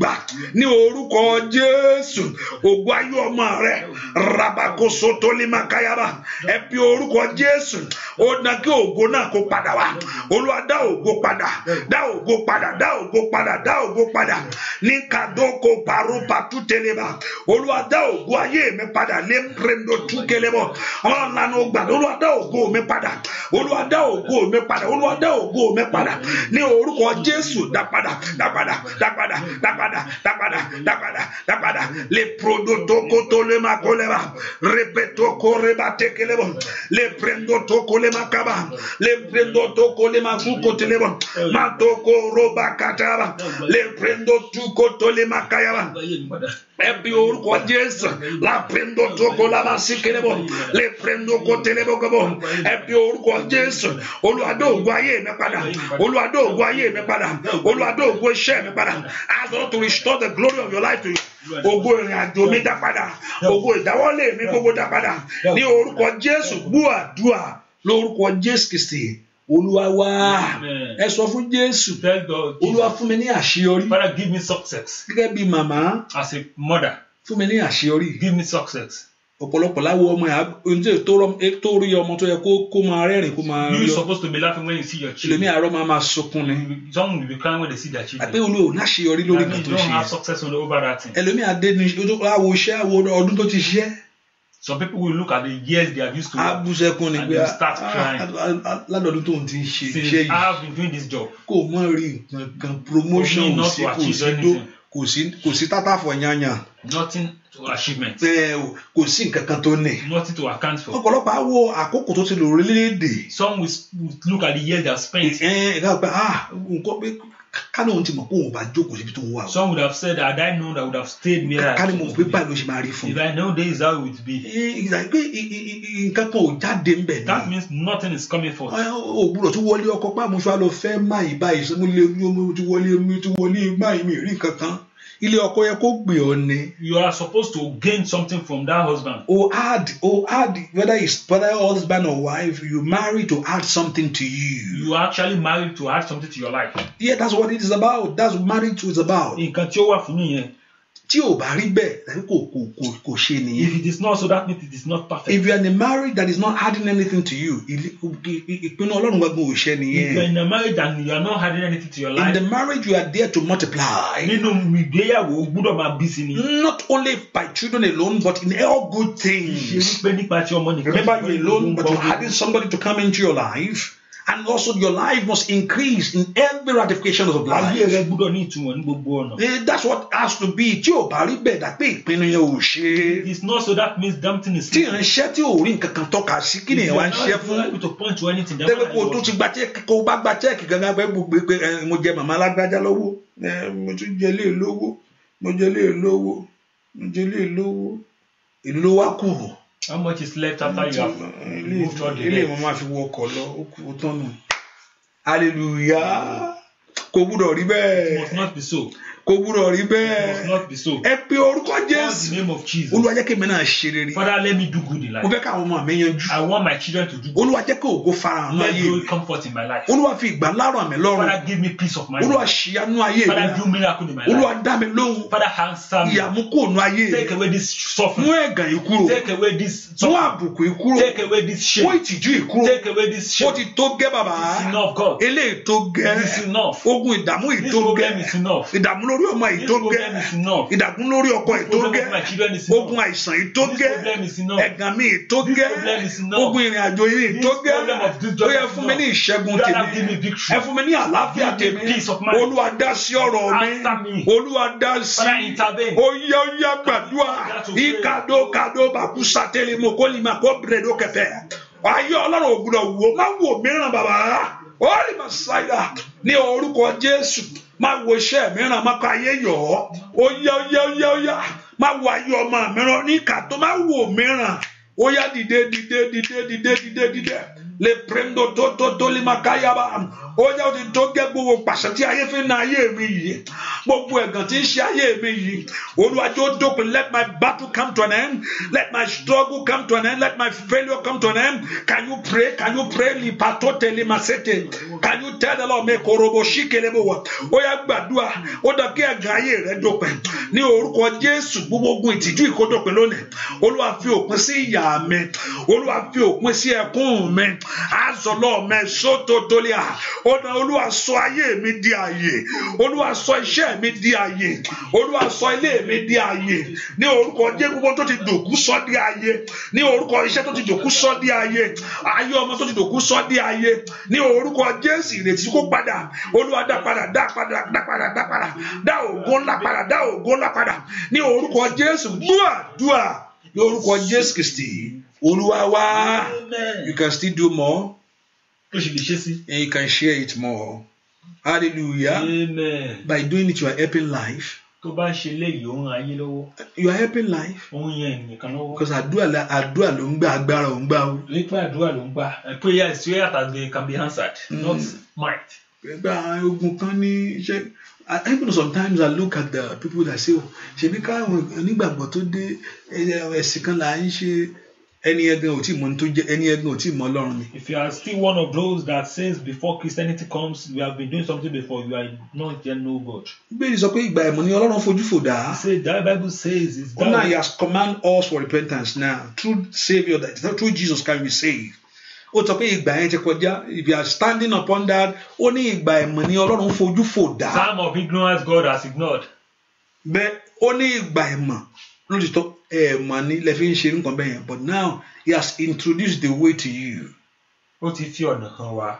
ní orúkọ jésù ògo ayé ọmọ rẹ rabakoso tó lè ẹ fi orúkọ jésù ó na kí ògo náà kó padà wá olúwa dá ògo padà dá ògo padà dá ògo padà dá ògo padà ní kadoko paropa tuteleba olúwa dá ògo ayé mi padà lé prendo tukelebo ọlọ́run lanu gbàdá olúwa dá ògo mi padà olúwa dá ògo mi padà olúwa dá ògo mi padà ní orúkọ jésù dá padà dá padà dá padà dá padà dá padà dá padà dá padà lè prodo tokotolema koleba repetoko reba tekelebo lè prendo toko le makaba le prendo toko le mafuko telebo matoko roba kataba le prendo tuko tole makayaba ẹbí orúkọ jésù lápẹ́ndó tókó lábásíkérébọ̀ lẹ́pẹ́ndó kótélébọ̀gbọ̀ ẹbí orúkọ jésù olùwàdó ògùn ayé mi padà olùwàdó ògùn ayé mi padà olùwàdó ògùn iṣẹ́ mi padà ask God to restore the glory of your life to you ògo ìrìn àjò mi dá padà ògo ìdáwọ́lé mi gbogbo dá padà ní orúkọ jésù gbúàdúà lórúkọ jésù kìsìtì olúwa wá ẹ sọ fún jésù olúwa fún mi ní àṣeyọrí gẹ́gẹ́ bí màmá fún mi ní àṣeyọrí ọ̀pọ̀lọpọ̀ láwo ọmọ yà ohun tí eh, tó rí ọmọ tó yẹ kó kó máa rẹ́rìn kó máa rí you supposed to be laughing when you see your children. èlòmíì àárọ̀ máa máa sunkún ni. some will be crying when they see their children. àpé olú ò láṣeyọrí lórí kan tó ṣe. and you don't have success over that thing. èlòmíì adé ni láwo iṣẹ́ àwo ọdún tó ti ṣiṣẹ́ some people will look at the years they have used to work they ni pe ah ládọọdún tó ń ti ṣe iṣẹ́ yìí I have been doing this job kò mọ rí nǹkan promotion ò sí kò sí tó kò sí kò sí tata fọ yanyan nothing to achievement ẹ o kò sí nǹkan kan tó ní nothing to account for ọ̀pọ̀lọpọ̀ á wo àkókò tó ti lò orílẹ̀-èdè some will look at the years they have spent ẹ ẹ ká gba ah nǹkan pé kánú ohun ti mọ̀ pé òun bá jókòó síbi tó ń wà o. some would have said had I known that would have stayed where I was. mọ̀ pé báyìí ló ṣe máa rí fún mi. if I know there is how it would be. ìgbàgbé nǹkan kan ò jáde ń bẹ̀ ni. that means nothing is coming forth. o gbúdọ̀ tí wọlé ọkọ pa mo lọ fẹ́ máa ì báyìí mo lè mú ti wọlé mi ti wọlé máa ì mi rí nǹkan kan ilé ọkọ yẹ kó gbé ọ ni. you are supposed to gain something from that husband. o add o add whether it's whether husband or wife you marry to add something to you. you actually marry to add something to your life. yeah that's what it is about that's what marriage is about. nǹkan tí ó wà fún nìyẹn tí ò bá rí bẹ́ẹ̀ then kò kò kò kò ṣe nìyẹn. if it is not so that means it is not perfect. if you are in a marriage that is not adding anything to you ìpinnu ọlọ́run gbàgbọ́ ò ṣe nìyẹn. if you are in a marriage and you are not adding anything to your life. in the marriage you are there to multiply. nínú ìgbéyàwó gbọ́dọ̀ máa bí sí ni. not only by children alone but in all good things. ṣe wípé nípa ti ọmọ nìkan. remember you alone but you are adding somebody to come into your life and also your life must increase in every ratification of life. Eh, that's what has to be tí it's not so that means something is. tí ìrìnsẹ́ tí ò rí nǹkan kan tọ́ka sí kí nìyẹn gangan pé gbogbo pé eh, mo jẹ màmá alágbájá lọ́wọ́ eh, mo tún jẹ lé e lówó mo jẹ lé e lówó mo jẹ lé e lówó èlò wá kù how much is left after you have moved all the next. ilé ìwọ̀n máa fi wọ ọkọ̀ lọ ó kú ó tán nù hallelujah kò gbúdọ̀ rí bẹ́ẹ̀. must not be so kò gbúdọ̀ rí bẹ́ẹ̀ ẹ pe orúkọ jésù olúwa jẹ́ kí èmi náà ṣe rere mo fẹ́ káwọn ọmọ mi yanjú olúwa jẹ́ kí ògo farahàn ní ayé mi olúwa fi ìgbà ńlárọ̀ mi lọ́rùn olúwa ṣìyanu ayé mi olúwa dá mi lóhùn ìyàmú kò nu ayé mi mú ẹ̀gàn yìí kúrò mú àbùkù yìí kúrò mú ìtìjú yìí kúrò ó ti tó gẹ́ bàbá eléyìí tó gẹ́ ogun ìdààmú yìí tó gẹ́ ìdààmú lórí lórí ọmọ yìí tó gẹ́ ìdàgún lórí ọkọ yìí tó gẹ́ ogun àìsàn yìí tó gẹ́ ẹ̀gàn mi yìí tó gẹ́ ogun ìrìn àjò yìí tó gẹ́ ó yẹ fún mi ní ìṣẹ́gun tèmi ẹ fún mi ní àlàáfíà tèmi olúwa dá sí ọ̀rọ̀ mi olúwa dá sí ó yá ó yá gbàdúrà ìkàdó kàdó bàkúsà tẹ́lẹ̀ mọ́ kó lè má kó bẹ̀rẹ̀ ló kẹfẹ́ ayé ọlọ́run ògùdọ̀ wò má wò mìíràn bàbá ó lè má ṣáyà ní orúkọ jésù má wo iṣẹ́ mìíràn má kọ́ ayé yọ̀ ọ́ ó yá ó yá ó yá ó yá má wo ayé ọmọ mìíràn ní ìkà tó má wo mìíràn ó yá dìde dìde dìde dìde dìde dìde le prendo tó tó tó lè máa káyà bá ó yá ti tó gẹ́ gbogbo pàṣẹ tí ayé fi na ayé mi yìí gbogbo ẹ̀gàn tí ń ṣe ayé mi yìí olùwàjò dópin let my battle come to an end let my struggle come to an end let my failure come to an end can you pray can you pray lipato tele masete can you tell the Lord me korobo ṣíkele bò wá ó yá gbàdúrà ó dà kí ẹ̀gàn ayé rẹ dópin ní orúkọ Jésù gbogbo ìtìjú ìkó lónìí Olúwa fi òpin sí ìyà mi Olúwa fi òpin sí ẹkún mi azọlọ mẹsọ tòtòlíà ọdọ olúwa sọ ayé mi di ààyè olúwa sọ iṣẹ́ mi di ààyè olúwa sọ ilé mi di ààyè ní orúkọ jẹ gbogbo tó ti dòkú sọ di ààyè ní orúkọ iṣẹ́ tó ti dòkú sọ di ààyè ayé ọmọ tó ti dòkú sọ di ààyè ní orúkọ jésù ìrètí kó padà olúwa dá padà dá padà dá padà dá padà dá ògo ńlá padà dá ògo ńlá padà ní orúkọ jésù gbúà dúà ní orúkọ jésù kristi. Olúwa You can still do more. And you can share it more. Hallelujah. Amen. By doing it, you are helping life. tó bá ń ṣe léyìí ó ń ran ayé lọ́wọ́. you are helping life. ó ń yan lọ́wọ́. because àdúrà la àdúrà ló ń gbà agbára ò ń gbà o. nípa àdúrà ló ń gbà prayer is where that can be answered mm. not might. gbẹgbẹ ogun kan ní ṣe even sometimes I look at the people that say oh, ṣèbí káwọn onígbàgbọ́ tó dé ẹ̀sìn kan là ń ṣe ẹni ẹgbẹ́ ò tí mọ tó jẹ ẹni ẹgbẹ́ ò tí mọ Ọlọ́run ni. if you are still one of those that says before Christianity comes you have been doing something before you are not yet know God. Bíbélì sọ pé ìgbà ẹ̀mọ́ ni Ọlọ́run fojú fò dá. he said that Bible says it's that. Una he has command us for repentance now through saviour that through Jesus can we save. Ó sọ pé ìgbà yẹn ti kọjá if you are standing upon that ó ní ìgbà ẹ̀mọ́ ni Ọlọ́run fojú fò dá. time of ignorance God has ignored. bẹ́ẹ̀ ó ní ìgbà ẹ̀mọ́ lóòótọ́ mọ̀ní lẹ fi ń ṣe nǹkan bẹ́ẹ̀ yẹn but now he has introduced the way to you. ó ti fi ọ̀nà hàn wá.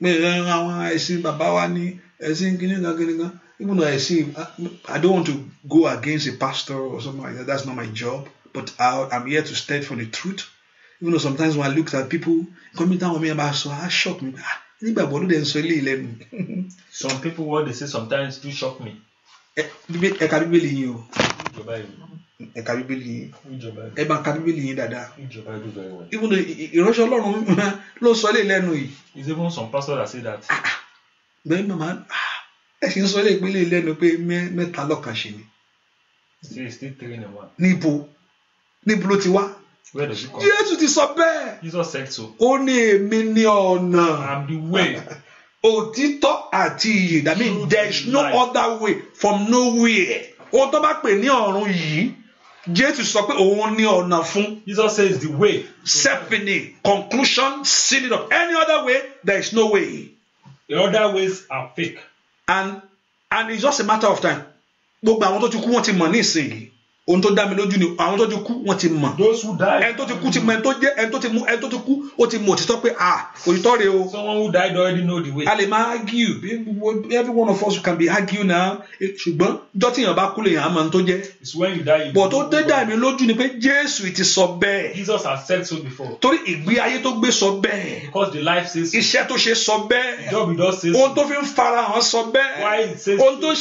pé àwọn ẹ̀sìn bàbá wa ní ẹ̀sìn kìnìkan kìnìkan even though I see I don't want to go against a pastor or something like that that's not my job but I, I'm here to stand for the truth even though sometimes when I look at people coming down on me about so I shock me ah, nígbàgbọ́ ló dé ń sọ ilé ìlẹ́nu. some people what they say sometimes do shock me. ẹ̀ka bíbélì yín o. ìjọba yìí ẹ bíbélì yín ẹ bá bíbélì yín dáadáa even though ìránṣẹ́ ọlọ́run ló sọ lè lẹ́nu yìí. is even some pastors that say that. Ah, ah. bẹ́ẹ̀ màmá ah, ẹ ṣe ń sọ lè pélé lẹ́nu pé mẹ́ta lọ́kàn ṣe ni. níbo níbo ló ti wá. Jésù ti sọ bẹ́ẹ̀. ó ní èmi ní ọ̀nà. I'm the way. òtítọ́ àti ìyè that means there is no other way from nowhere. ohun tó bá pè ní ọ̀run yìí. Jésù sọ pé òun ní ọ̀nà fún. Jesus says the way. Sẹ́fìnì conclusion seal it any other way there is no way. The other ways are fake. And and it's just a matter of time. Gbogbo àwọn tó ti kú wọ́n ti mọ̀ ní ìsìn ohun tó dá mi lójú ni àwọn tó ti kú wọn ti mọ̀ ẹni tó ti kú ti mọ̀ ẹni tó jẹ ẹni tó ti mú ẹni tó ti kú ó ti mọ̀ òtítọ́ pé ah òtítọ́ rèé o. someone who died already know the way. a lè máa argue every one of us can be argue now ṣùgbọ́n jọ́ tí bá kú lè yàn á mọ̀ ohun tó jẹ́. it's when you die you but tó dé dá mi lójú ni pé Jésù ti sọ bẹ́ẹ̀. Jesus has said so before. torí ìgbé ayé tó gbé sọ bẹ́ẹ̀. because the life says. iṣẹ́ tó ṣe sọ bẹ́ẹ̀. job it does says. ohun tó fi ń farahàn sọ it says. ohun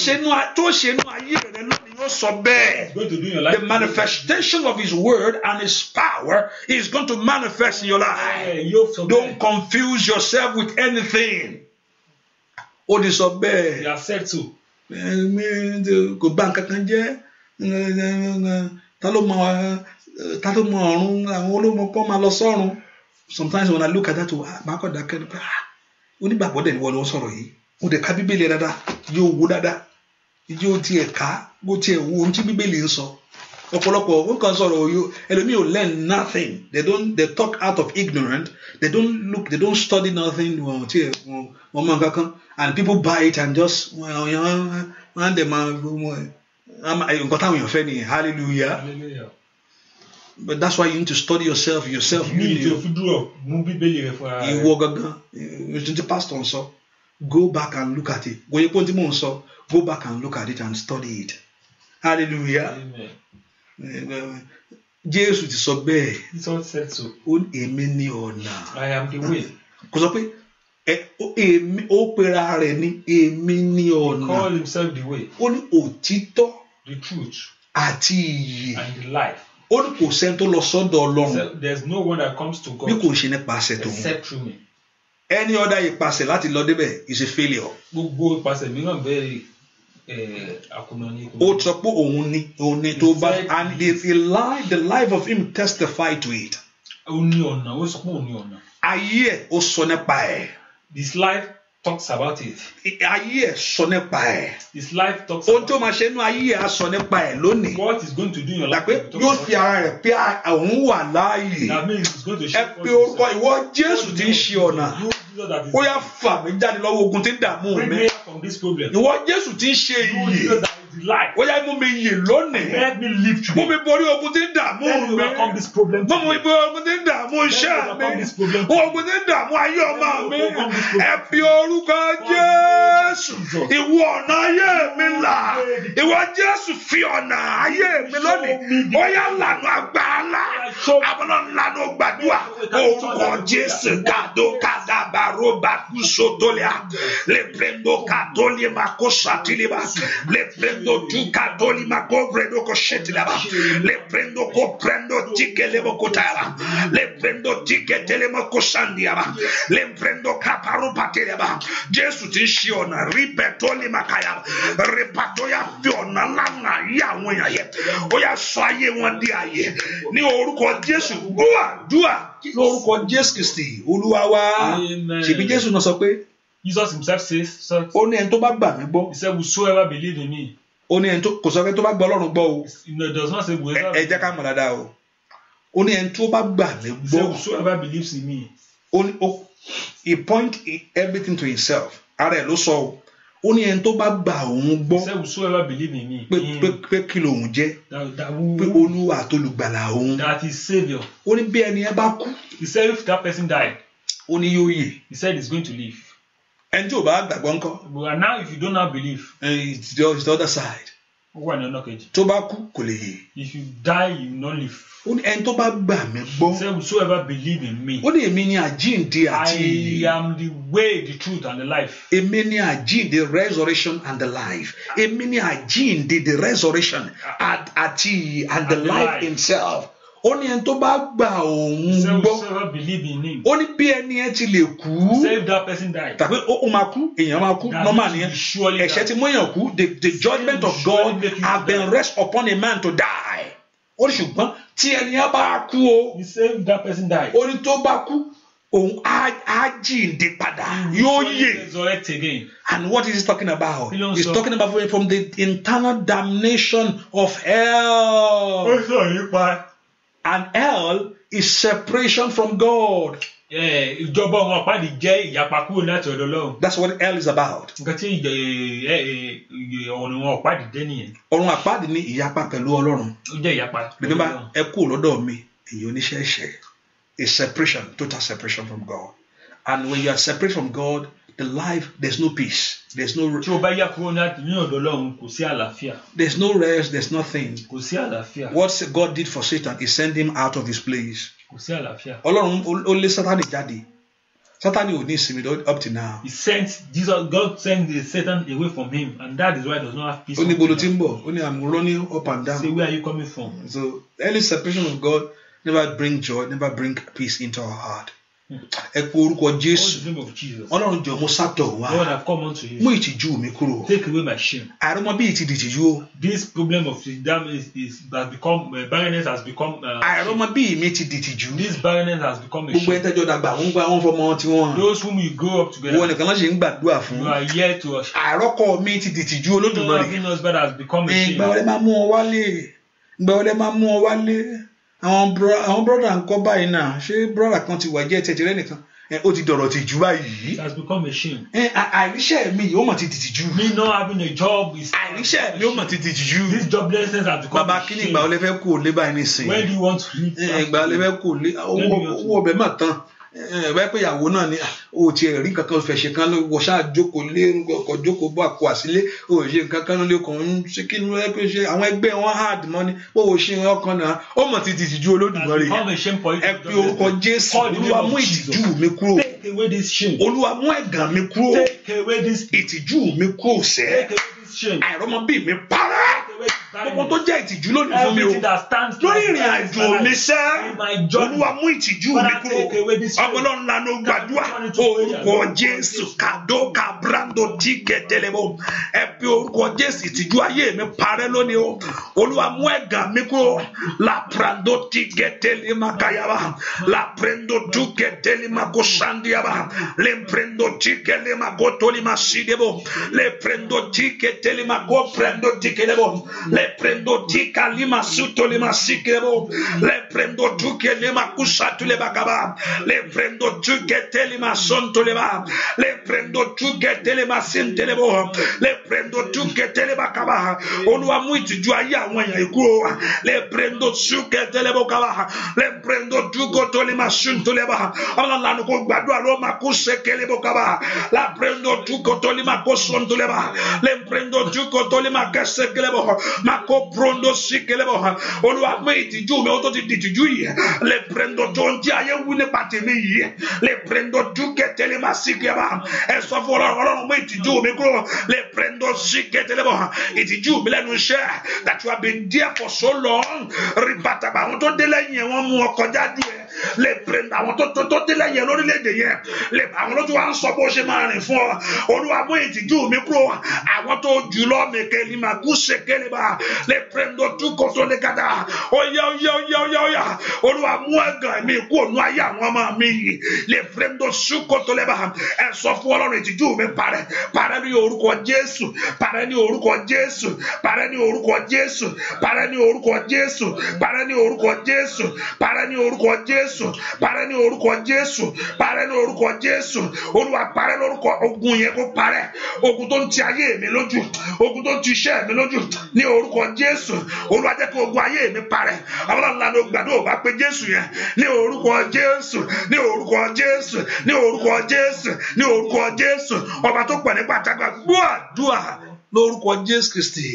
sọ bẹ́ẹ̀ your life. The manifestation of His word and His power is going to manifest in your life. Don't confuse yourself with anything. Ó di sọ bẹ́ẹ̀. You are set to. Kò bá nǹkan kan jẹ́. Ta ló mọ ta ló mọ ọ̀run àwọn olómọ kan máa lọ sọ́run. Sometimes when I look at that, màá kọ̀ dákẹ́ nípa ah, onígbàgbọ́ dẹ̀ ni wọ́n lọ sọ̀rọ̀ yìí. Mo dẹ̀ ka bíbélì dáadáa, yóò wo dáadáa ìjẹ́ o tiẹ̀ ká bó tiẹ̀ wo ohun tí bíbélì ń sọ ọ̀pọ̀lọpọ̀ wọn kàn sọ̀rọ̀ oyo ẹlòmíì ò learn nothing they don't they talk out of ignorance. they don't look they don't study nothing wọn ti wọn wọn mọ nǹkan kan and people buy it and just wọn yàn wọn dẹ̀ máa nǹkan táwọn èèyàn fẹ́ nìyẹn hallelujah. but that's why you need to study yourself yourself you need to ìwọ gangan ìtúntí pastor ń sọ go back and look at it wòye pé ohun tí mò ń sọ go back and look at it and study it hallelujah Amen. Jésù ti sọ bẹ́ẹ̀. It's all said so. Ó èmi ni ọ̀nà. I am the way. Kò sọ pé èmi ó pera rẹ̀ ní èmi ni ọ̀nà. He called himself the way. Ó ní òtítọ́. The truth. Àti ìyè. And life ó ní kò sẹ́ni tó lọ sọ́dọ̀ ọlọ́run no one that comes to God bí kò ṣe nípasẹ̀ tó ń any other ìpasẹ̀ láti lọ débẹ̀ is a failure. gbogbo ìpasẹ̀ mìíràn bẹ́ẹ̀ Eh, ó sọ pé òun ni òun and if he lie the life of him testify to it. ó ní ọ̀nà ó sọ pé òun ní ọ̀nà. ayé ẹ̀ life talks about it. ayé ẹ̀ sọ nípa life talks about it. ohun tó máa ṣe inú what is going to do in your life. dàpé fi ara rẹ̀ pé òun wà that means he's going to share. ẹ pé orúkọ ìwọ Jésù ti ń ṣe ó yá fà mí jáde lọ́wọ́ ogun tí ń dààmú mi ìwọ Jésù tí ń ṣe iyì life. ó yá mú mi yè lónìí. help me live today. mú mi borí ogun tí ń dààmú mi. help me overcome this problem today. mú mi borí ogun tí ń dààmú iṣẹ́ mi. ogun tí ń dààmú ayé ọmọ mi. ẹ fi orúkọ Jésù. ìwọ ọ̀nà ayé mi là. ìwọ Jésù fi ọ̀nà ayé mi lónìí. ó yá lànà agbára. àbọ̀nà lànà gbàdúrà. orúkọ Jésù kàdó kàdàbàrò bàkúso tó lè lè pèndó kàdó lè má kó sàtìlè bá. lè pèndó prendo tu kadoli magovre doko le prendo ko prendo tike lebo kotala le prendo tike telemo kosandiaba le prendo kaparu pateleba Jésù ti ṣe ripetoli makaya repatoya fi ọ̀nà lánà yí àwọn èèyàn yẹ ó yà sọ di ayé ní orúkọ Jésù dúà dúà lórúkọ Jésù Kristi Olúwa wa ṣèbí Jésù sọ pé Jesus himself says. ó ní ẹni tó bá gbà mí gbọ́. he said whosoever believe in me ó ní ẹni tó kò sọ pé tó bá gbọ́ ọlọ́run gbọ́ o ẹ jẹ́ ká mọ̀ dáadáa o ó ní ẹni tó bá gbà mí gbọ́ ó ní ó he point everything to himself ara ẹ̀ ló sọ o ó ní ẹni tó bá gbà òun gbọ́ pé kí lòun jẹ́ pé olúwa àtolùgbàlà òun ó ní bí ẹni ẹ bá kú. he said if that person died. ó ní yóò yè. he said he is going to live ẹni tí ò bá gbàgbọ́ ńkọ́. but now if you don't have belief. Eh, it's the, it's the other side. ó wà ní ọ̀nà kejì. tó bá kú kò lè yè. if you die you no live. ó ní ẹni tó bá gbà mí gbọ́. say whosoever believe in me. ó ní èmi ni àjíǹde àti ìyè. I am the way the truth and the life. èmi ni àjíǹde the resurrection and the life. èmi ni àjíǹde the resurrection ah. and, àti and the life himself ó ní ẹni tó bá gbà òun gbọ́ ó ní bí ẹni yẹn ti lè kú tàbí ó máa kú èèyàn máa kú normal nìyẹn ẹ̀ṣẹ̀ ti mú èèyàn kú the the judgment of God has been rest upon a man to die ó ní ṣùgbọ́n tí ẹni yẹn bá kú o ó ní tó bá kú òun á jíǹde padà yóò yè and what is he talking about he is talking about from the internal damnation of hell. ó sọ nípa and hell is separation from God. ìjọba ọmọ àpáàdì jẹ́ ìyapa kúrò láti ọ̀dọ̀ Ọlọ́run. that's what hell is about. nǹkan tí ọ̀run àpáàdì jẹ́ nìyẹn. ọ̀run àpáàdì ní ìyapa pẹ̀lú Ọlọ́run. ó jẹ́ ìyapa. remember ẹ kú lọ́dọ̀ mi èyí oníṣẹ́ ṣe a separation total separation from God and when you are separate from God the life there's no peace there's no rest. ní there's no rest there's nothing. what God did for Satan is send him out of his place. kò sí àlàáfíà. Ọlọ́run ó lé Sátánì jáde up to now. he sent Jesus God sent the Satan away from him and that is why he does not have peace. Only ní gbolo ní I'm running up and down. say where are you coming from. so any separation of God never bring joy never bring peace into our heart. ẹ pe orúkọ jésù ọlọ́run jọ̀ọ́ mo sátọ̀ wá mú ìtìjú mi kúrò àrùmọ bí ìtì dìtìjú o. this problem of freedom is is has become uh, barrenness has become. Uh, àrùmọ bí mi ti dìtìjú. this barrenness has become a shame. gbogbo ẹ tẹjọ dàgbà ń gba àwọn fọmọ tiwọn. those whom you grow up together. wọn nìkan ṣe ń gbàdúrà fún. you are here to us. àròkọ mi ti dìtìjú olódùmarè. no having husband has become a shame. ìgbà wọlé máa mú ọ wálé ìgbà wọlé máa mú ọ wálé àwọn brọ́dà ń kọ́ báyìí náà ṣé brọ́dà kan ti wà jẹ́ tẹ̀tẹ̀ rẹ̀ nìkan ó ti dọ̀rọ̀ tìjú báyìí. it has become a shame. àìríṣẹ́ mi yóò mọ̀ ti tìjú. me not having a job is. àìríṣẹ́ mi yóò mọ̀ ti tìjú. this joblessness has become Baba, a shame. bàbá kí ni ìgbà olè fẹ́ báyìí nísìnyí. when do you want to live? ìgbà olè fẹ́ kú owó ọbẹ̀ mà tán wáyé pé ìyàwó náà ni ah, o tiẹ̀ rí kankan fẹ̀ṣẹ̀ kan ló wọ̀ ṣáà jókòó lé ọkọ̀ jókòó bọ́ àpò àsílé o ṣe nǹkan kan ló kàn ń ṣe kí ló yẹ pé ṣe àwọn ẹgbẹ́ wọn hard money o ṣe wọn náà ó mọ̀ ti ti ìtìjú Olódùmarè ẹ pé orúkọ Jésù Olúwa mú ìtìjú mi kúrò Olúwa mú ẹ̀gàn mi kúrò ìtìjú mi kúrò sẹ́ àìrọ́mọbí mi para gbogbo tó jẹ́ ìtìjú lónìí fún mi o lórí ìrìn àjò mi sẹ́ olúwa mú ìtìjú mi kúrò ọpọlọ ńlá ló gbàdúrà orúkọ jésù kàdó kàbrando dígẹdẹlẹbọ ẹ pé orúkọ jésù ìtìjú ayé mi parẹ́ lónìí o olúwa mú ẹ̀gàn mi kúrò làprando dígẹdẹlẹmàkàyàbà làprando dúgẹdẹlẹmàkó sàndíyàbà lẹprando dígẹlẹmàkó tólímàsídẹbọ lẹprando dígẹdẹlẹmàkó prando dígẹlẹbọ lẹ le prendo tika lima suto lima sikero, le prendo tuke lima kusatu le bakaba le prendo tuke telima sonto ba, le prendo tuke telima sintelebo le prendo tuke teleba kaba Olúwa mú ìtìjú ayé àwọn èèyàn ikú le prendo tuke telebo kaba le prendo tuko tolima sunto leba ọlọ́run lanu kó gbàdúrà ló ma kó sekelebo kaba la prendo tuko lima kó sonto ba, le prendo lima tolima kẹsẹkelebo ma mako brondo sikelebo olúwa mú ìtìjú mi ó tó ti di ìtìjú yìí lè brendo tó ń jẹ ayé wí nípa tèmi brendo dúkẹ́ tẹ́lẹ̀ máa sikẹ́ba ẹ sọ fún ọlọ́run ọlọ́run mú ìtìjú mi kúrò lè brendo sikẹ́ tẹ́lẹ̀ bọ̀ ìtìjú mi lẹ́nu iṣẹ́ that you have been there for so long rìbàtàbà àwọn tó dé lẹ́yìn ẹ̀ wọ́n mú Le bèrè àwọn tó tẹ́lẹ̀ yẹn lórílẹ̀‐èdè yẹn lè àwọn lójú wa ń sọ bó ṣe máa rìn fún ọ olúwa mú ìtìjú mi kúrò àwọn tó jù lọ mèkè ni màá kú ṣèkélé bá lè bèrè ńdọ tú kótó lè kàdá oyá oyá oyá oyá oyá olúwa mú ẹ̀gàn mi kú ònú ayé àwọn ọmọ mi yìí lè bèrè ńdọ sú kótó lè bá ẹ sọ fún ọlọ́run ìtìjú mi parẹ́ parẹ́ ní orúkọ jésù parẹ́ ní orúkọ jésù parẹ́ ní orúkọ jésù parẹ́ ní orúkọ jésù parẹ́ ní orúkọ jésù parẹ́ ní orúkọ jésù jésù parẹ́ ní orúkọ jésù parẹ́ ní orúkọ jésù olúwa parẹ́ lórúkọ ogun yẹn kó parẹ́ ogun tó ń ti ayé mi lójú ogun tó ń ti iṣẹ́ mi lójú ní orúkọ jésù olúwa jẹ́ kí ogun ayé mi parẹ́ àwọn ọlọ́lànà gbàdúrà bá pé jésù yẹn ní orúkọ jésù ní orúkọ jésù ní orúkọ jésù ní orúkọ jésù ọba tó pọ̀ nípa àtàgbà gbọ́ àdúrà lórúkọ jésù kristi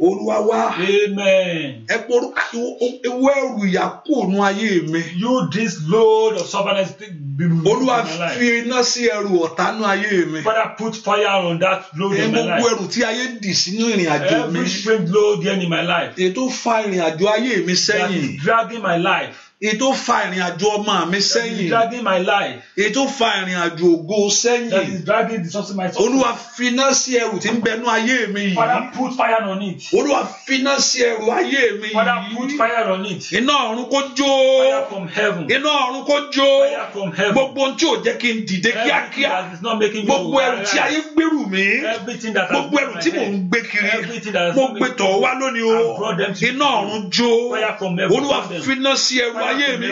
olúwa wá. amen. ẹ poro ewu ẹrù ìyà kú ayé mi. you this load of stubbornness be removed from my life. olúwa fi iná sí ẹrù ọ̀tá nú ayé mi. father put fire on that load in my life. gbogbo ẹrù tí ayé dì sínú ìrìn àjò mi. every strange load there in my life. èyí tó fa ìrìn àjò ayé mi sẹ́yìn. that is dragging my life ètò fa ìrìn àjò ọmọ mi sẹ́yìn. that is dragging my life. ètò fa ìrìn àjò ògo sẹ́yìn. that is dragging the source of my soul. olúwa finá sí ẹrù tí ń bẹnu ayé mi yìí. put fire on it. olúwa finá sí ẹrù ayé mi yìí. put fire on it. iná ọ̀run kó jó. fire from heaven. iná ọ̀run kó jó. fire from heaven. gbogbo ohun tí ò jẹ́ kí n dìde kíákíá. that is not making me gbogbo ẹrù tí ayé gbèrú mi. everything that has been my head. gbogbo ẹrù tí mò ń gbé kiri. everything that has been my head. mo gbé tọ̀ wá lónìí o. them to you. iná ọ̀run jó. fire from heaven. olúwa finá sí ẹrù ayé mi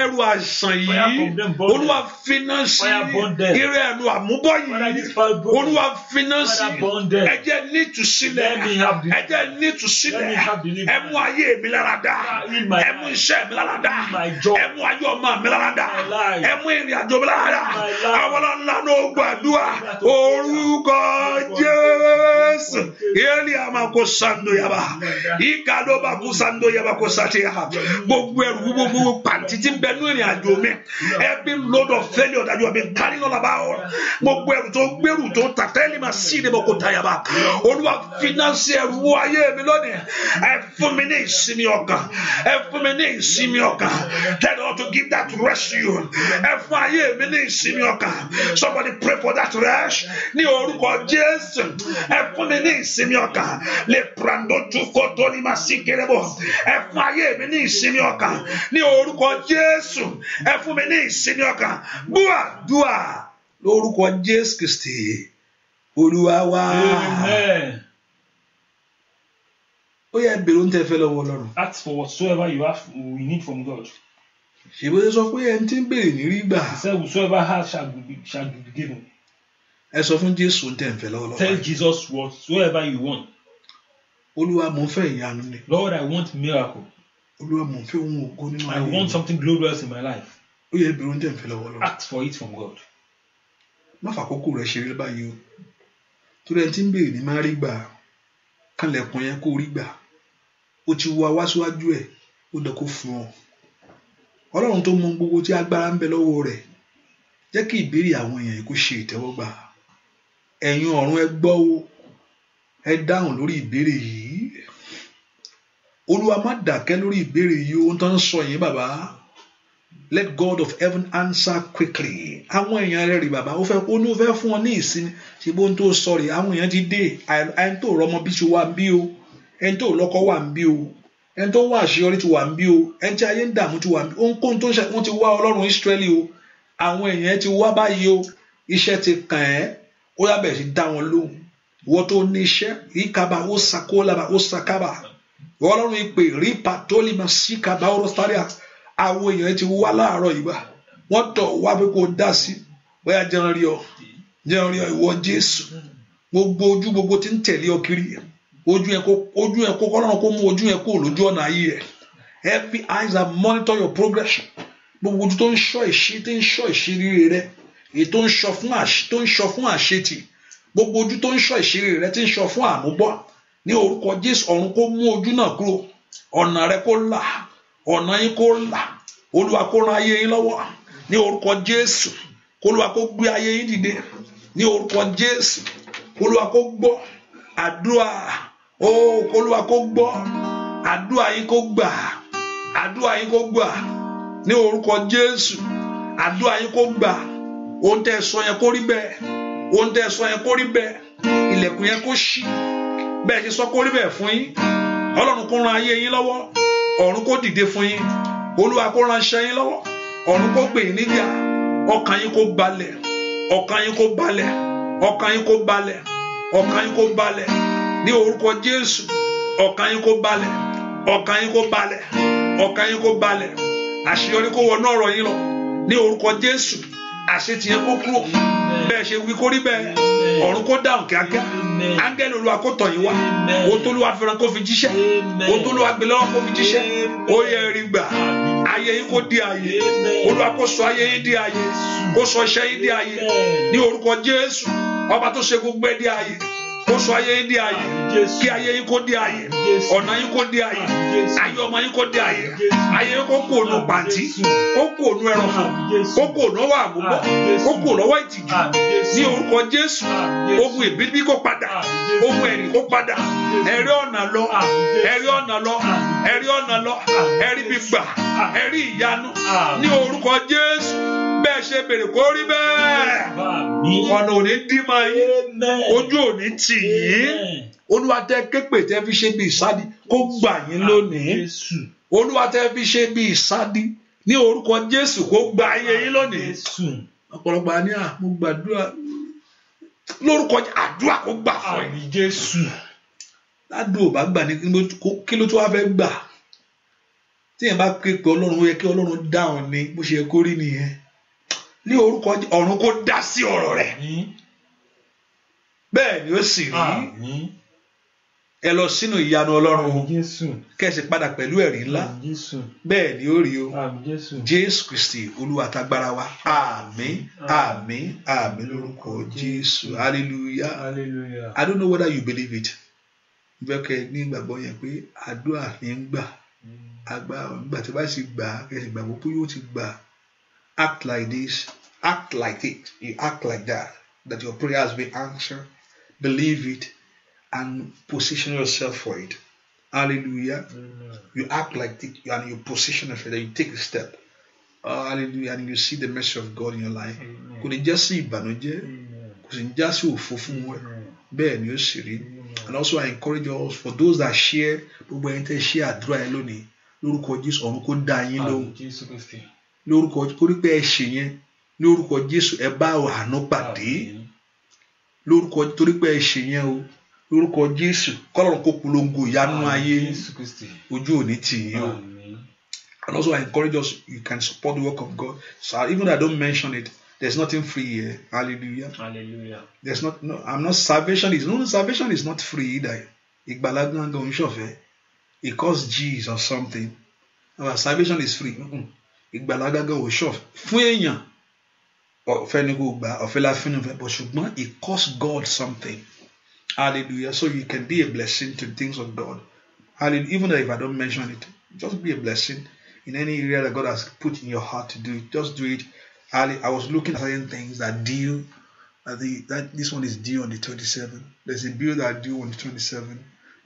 ẹrù àìsàn yìí olúwa finá sí eré ẹnu àmúbọ yìí olúwa finá sí ẹjẹ nítùsílẹ̀ ẹjẹ nítùsílẹ̀ ẹmú ayé mi lára dá ẹmú iṣẹ́ mi lára dá ẹmú ayé ọmọ mi lára dá ẹmú ìrìn àjò mi lára dá àwọn ọlọ́nà ló gbàdúrà orúkọ Jésù yéèlì àmàkó sando yaba ìkàdó bàkú sando yaba kó sàtìyà gbogbo ẹrù gbogbo remove pàǹtítì ń bẹ nú mi every load of failure that you have been carrying all about gbogbo ẹrù tó gbẹrù tó tàtẹ́lì máa sí ìdìbò kò tayaba olúwa fínánsì ẹrù ayé mi lónìí ẹ fún mi ní ìsinmi ọkàn ẹ fún mi ní ìsinmi ọkàn tell God to give that rest to you ẹ fún ayé mi ní ìsinmi ọkàn somebody pray for that rest ní orúkọ Jésù ẹ fún mi ní ìsinmi ọkàn lè prando tu kó tó ní máa sí kérébọ̀ ẹ fún ayé mi ní ìsinmi ọkàn ní orúkọ Jésù ẹ fún mi ní ìsinmi ọkàn búà dúà lórúkọ Jésù Kristi Olúwa ó yẹ bèrè oúnjẹ fẹ́ lọ́wọ́ Ọlọ́run. ask for whatsoever you have we need from God. ṣèbó ṣe sọ pé ẹni tí ń béèrè ní rí gbà. he said whosoever has shall be given. ẹ sọ fún Jésù ń ń fẹ́ lọ́wọ́ lọ́wọ́. tell Jesus whatever you want. Olúwa mo fẹ́ ìyanu ni. Lord I want miracle olúwa mò ń ohun ògo nínú ayé mi. I want something glorious in my life. ó yẹ ibi oúnjẹ ìfẹ́ lọ́wọ́ ask for it from God. má fàkókò rẹ ṣeré báyìí o torí ẹni tí ń béèrè ní má rí gbà kànlẹ̀kùn yẹn kó rí gbà ó ti wá wá síwájú ẹ̀ ó dẹ̀ kó fún ọ. ọlọ́run tó mọ gbogbo tí agbára ń bẹ lọ́wọ́ rẹ̀ jẹ́ kí ìbéèrè àwọn èèyàn yìí kó ṣe ìtẹ́wọ́gbà ẹ̀yin ọ̀run ẹ gbọ́ o ẹ dáhùn lórí ìbéèrè yìí olúwa má dàkẹ́ lórí ìbéèrè yìí ohun tó ń sọ yìí bàbá let God of heaven answer quickly àwọn èèyàn rẹ rí bàbá ó fẹ́ ó ní ó fẹ́ fún ọ ní ìsinmi ṣe bó ń tó sọ rè àwọn èèyàn ti dé ẹni tó rọmọ bí ṣe wà ń bí o ẹni tó lọ́kọ wà ń bí o ẹni tó wà àṣeyọrí ti wà ń bí o ẹni tí ayé ń dààmú ti wà ń bí o ohunkóhun tó ń ṣe wọ́n ti wá ọlọ́run Ísírẹ́lì o àwọn èèyàn ti wá báyìí o iṣẹ́ ti kàn ẹ́ ó yá sí dá wọn lóhùn wọ́n tó ní iṣẹ́ yíkaba ó sakó laba ó sakaba ọlọ́run ìpè rí patoli ma sí kaba ọ̀rọ̀ sáré àwọn èèyàn ti wá láàárọ̀ ìgbà wọ́n tọ̀ wá pé kó dá sí bóyá jẹun rí ọ jẹun rí ọ ìwọ jésù gbogbo ojú gbogbo ti ń tẹ̀lé ọ kiri ojú ẹ kó ojú ẹ kó ọlọ́run kó mú ojú ẹ kó lójú ọ̀nà ayé rẹ every eyes are monitor your progression gbogbo ojú tó ń ṣọ́ ìṣe tó ń ṣọ́ ìṣeré rẹ èyí tó ń ṣọ́ fún àṣetì gbogbo ojú tó ń ṣọ́ ìṣeré rẹ ti ń ṣọ́ fún àmúbọ̀ ní orúkọ jésù ọ̀run kó mú ojú náà kúrò ọ̀nà rẹ kó là ọ̀nà yín kó là olúwa kó ran ayé yín lọ́wọ́ ní orúkọ jésù olúwa kó gbé ayé yín dìde ní orúkọ jésù olúwa kó gbọ́ àdúrà ó olúwa kó gbọ́ àdúrà yín kó gbà àdúrà yín kó gbà ní orúkọ jésù àdúrà yín kó gbà ohun tẹ́ sọ yẹn kó rí bẹ́ẹ̀ ohun tẹ́ sọ yẹn kó rí bẹ́ẹ̀ ilẹ̀kùn yẹn kó ṣí. bẹ́ẹ̀ ṣe sọ kó rí bẹ́ẹ̀ fún yín ọlọ́run kó ran ayé yín lọ́wọ́ ọ̀run kó dìde fún yín olúwa kó ran iṣẹ́ yín lọ́wọ́ ọ̀run kó gbè yín níjà ọkàn yín kó balẹ̀ ọkàn yín kó balẹ̀ ọkàn yín kó balẹ̀ ọkàn yín kó balẹ̀ ní orúkọ jésù ọkàn yín kó balẹ̀ ọkàn yín kó bẹ́ẹ̀ ṣe wí kórí bẹ́ẹ̀ ọ̀run kó dáhùn kíákíá áńgẹ́lì olúwa kó tọ̀ yín wá ohun fẹ́ràn kó fi jíṣẹ́ ohun tó kó fi jíṣẹ́ ó yẹ rí gbà ayé yín kó di ayé olúwa kó sọ ayé yín di ayé kó sọ iṣẹ́ yín di ayé ní orúkọ jésù ọba tó ṣe gbogbo ẹ̀ di ayé kó sọ ayé yín di ayé kí ayé yín kó di ayé ọ̀nà yín kó dé ayé ayé ọmọ yín kó dé ayé ayé kó kó ònú pàǹtí kó kó ònú ẹranko kó kó ònú ọwọ́ àgùnbọ̀ kó kó lọ́wọ́ ìtìjú ní orúkọ Jésù ogun ìbíbí kó padà ogun ẹ̀rí kó padà ẹ̀rí ọ̀nà lọ ẹ̀rí ọ̀nà lọ ẹ̀rí ọ̀nà lọ ẹ̀rí gbígbà ẹ̀rí ìyanu ní orúkọ Jésù bẹ́ẹ̀ ṣe bèrè kó rí bẹ́ẹ̀ ọ̀nà ò ní dí máa yí ojú ò ní tì yín olúwa tẹ képè tẹ fi ṣe bí ìsádi kó gbà yín ah, lónìí olúwa tẹ fi ṣe bí ìsádi ní orúkọ jésù kó gbà ayé yín ah, lónìí ọ̀pọ̀lọpọ̀ àní à ah, mo gbàdúrà lórúkọ àdúrà kó gbà fún ẹ. àmì jésù. ládùn ò bá gbà ní kí ló tó wá fẹ́ gbà tíyẹn bá ké pé ọlọ́run ó yẹ kí ọlọ́run dáhùn ni bó ṣe yẹ kó rí nìyẹn ní orúkọ ọ̀run kó dá sí ọ̀rọ̀ rẹ̀ bẹ́ẹ̀ ni ó sì rí ẹ lọ sínú ìyanu ọlọ́run o kẹsì padà pẹ̀lú ẹ̀rí ńlá bẹ́ẹ̀ ni ó rí o jésù kristi olúwa tágbára wa àmín àmín àmín lórúkọ jésù hallelujah i don't know whether you believe it ìfẹ́ kẹ ní ìgbàgbọ́ yẹn pé àdúrà ní ń gbà àgbà mm. nígbà tí bá sì gbà kẹsì gbàgbọ́ pé yóò ti gbà act like this act like it you act like that that your prayer has been answered believe it and position yourself for it. Hallelujah. Amen. You act like it and you position yourself, that you take a step. Oh, hallelujah. And you see the mercy of God in your life. Kò ní já sí ìbànújẹ́, kò sì ní And also I encourage all for those that share gbogbo ẹni tẹ́ ṣe àdúrà yẹn lónìí lórúkọ Jésù ọ̀run kó dá yín lóhùn. Lórúkọ torí pé yẹn lórúkọ Jésù ẹ bá àánú pàdé. Lórúkọ torí pé yẹn o lórúkọ jésù kọ́lọ́run kó polongo ìyanu ayé ojú òní tì yín o and also i encourage us you can support the work of god so even though i don't mention it there's nothing free here hallelujah hallelujah there's not no i'm not salvation is no salvation is not free either ìgbàlagbọ́n gan ṣọ̀fẹ́ it cost jesus or something our salvation is free ìgbàlagbọ́n gan ò ṣọ̀fẹ́ fún èèyàn ọ̀fẹ́ ni kò gbà ọ̀fẹ́ la fe fẹ́ but ṣùgbọ́n it cost god something. Hallelujah. So you can be a blessing to things of God. Hallelujah. Even though if I don't mention it, just be a blessing in any area that God has put in your heart to do. Just do it. I was looking at certain things that deal. I think that this one is due on the 27th. There's a bill that I due on the 27th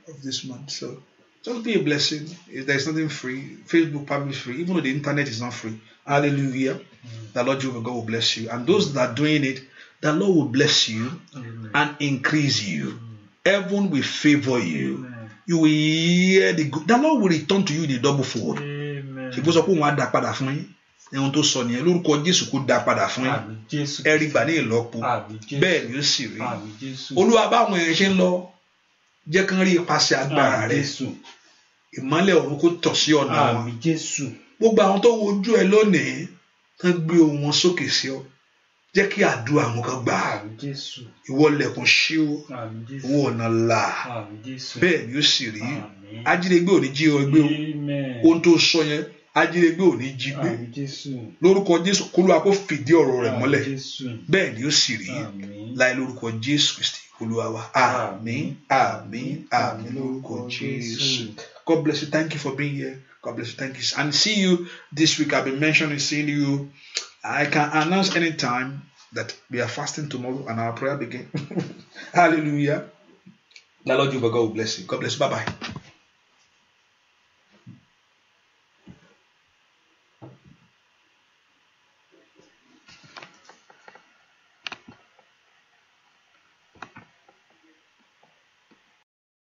of this month. So just be a blessing. If there's nothing free, Facebook probably free, even though the internet is not free. Hallelujah. Mm-hmm. The Lord Jehovah God will bless you. And those that are doing it, The Lord will bless you Amen. and increase you. Heaven will favor you. Amen. You will hear the good. The Lord will return to you the double fold. Ṣègbó sọ pé òun á dá padà fún yín. Ohun tó sọ nìyẹn lórúkọ Jésù kó dá padà fún yín. Ẹ gbà ní ìlọ́po. Bẹ́ẹ̀ ni ó sì rí. Olúwa báwọn èèyàn ṣe ń lọ jẹ́ kán rí ipasẹ̀ agbára rẹ̀. Ìmọ́lẹ̀ ọ̀run kó tọ̀ sí ọ̀nà wọn. Gbogbo àwọn tó wojú ẹ lónìí, kán gbé ohùn wọn sókè sí ọ jẹ́ kí àdúrà wọn kan gbà ìwọ lẹ̀kùn ṣí o owó ọ̀nà là bẹ́ẹ̀ ni ó sì rí ajínigbé ò ní jí ọ gbé o ohun tó sọ yẹn ajínigbé ò ní jí gbé lórúkọ jésù kólúwa kó fìdí ọ̀rọ̀ rẹ̀ mọ́lẹ̀ bẹ́ẹ̀ ni ó sì rí láì lórúkọ jésù kristi olúwa wa àmín àmín àmín lórúkọ jésù god bless you thank you for being here god bless you thank you and see you this week i been mentioning seeing you. I can announce anytime that we are fasting tomorrow and our prayer begin. Hallelujah. The Lord your God will bless you. God bless you. Bye bye.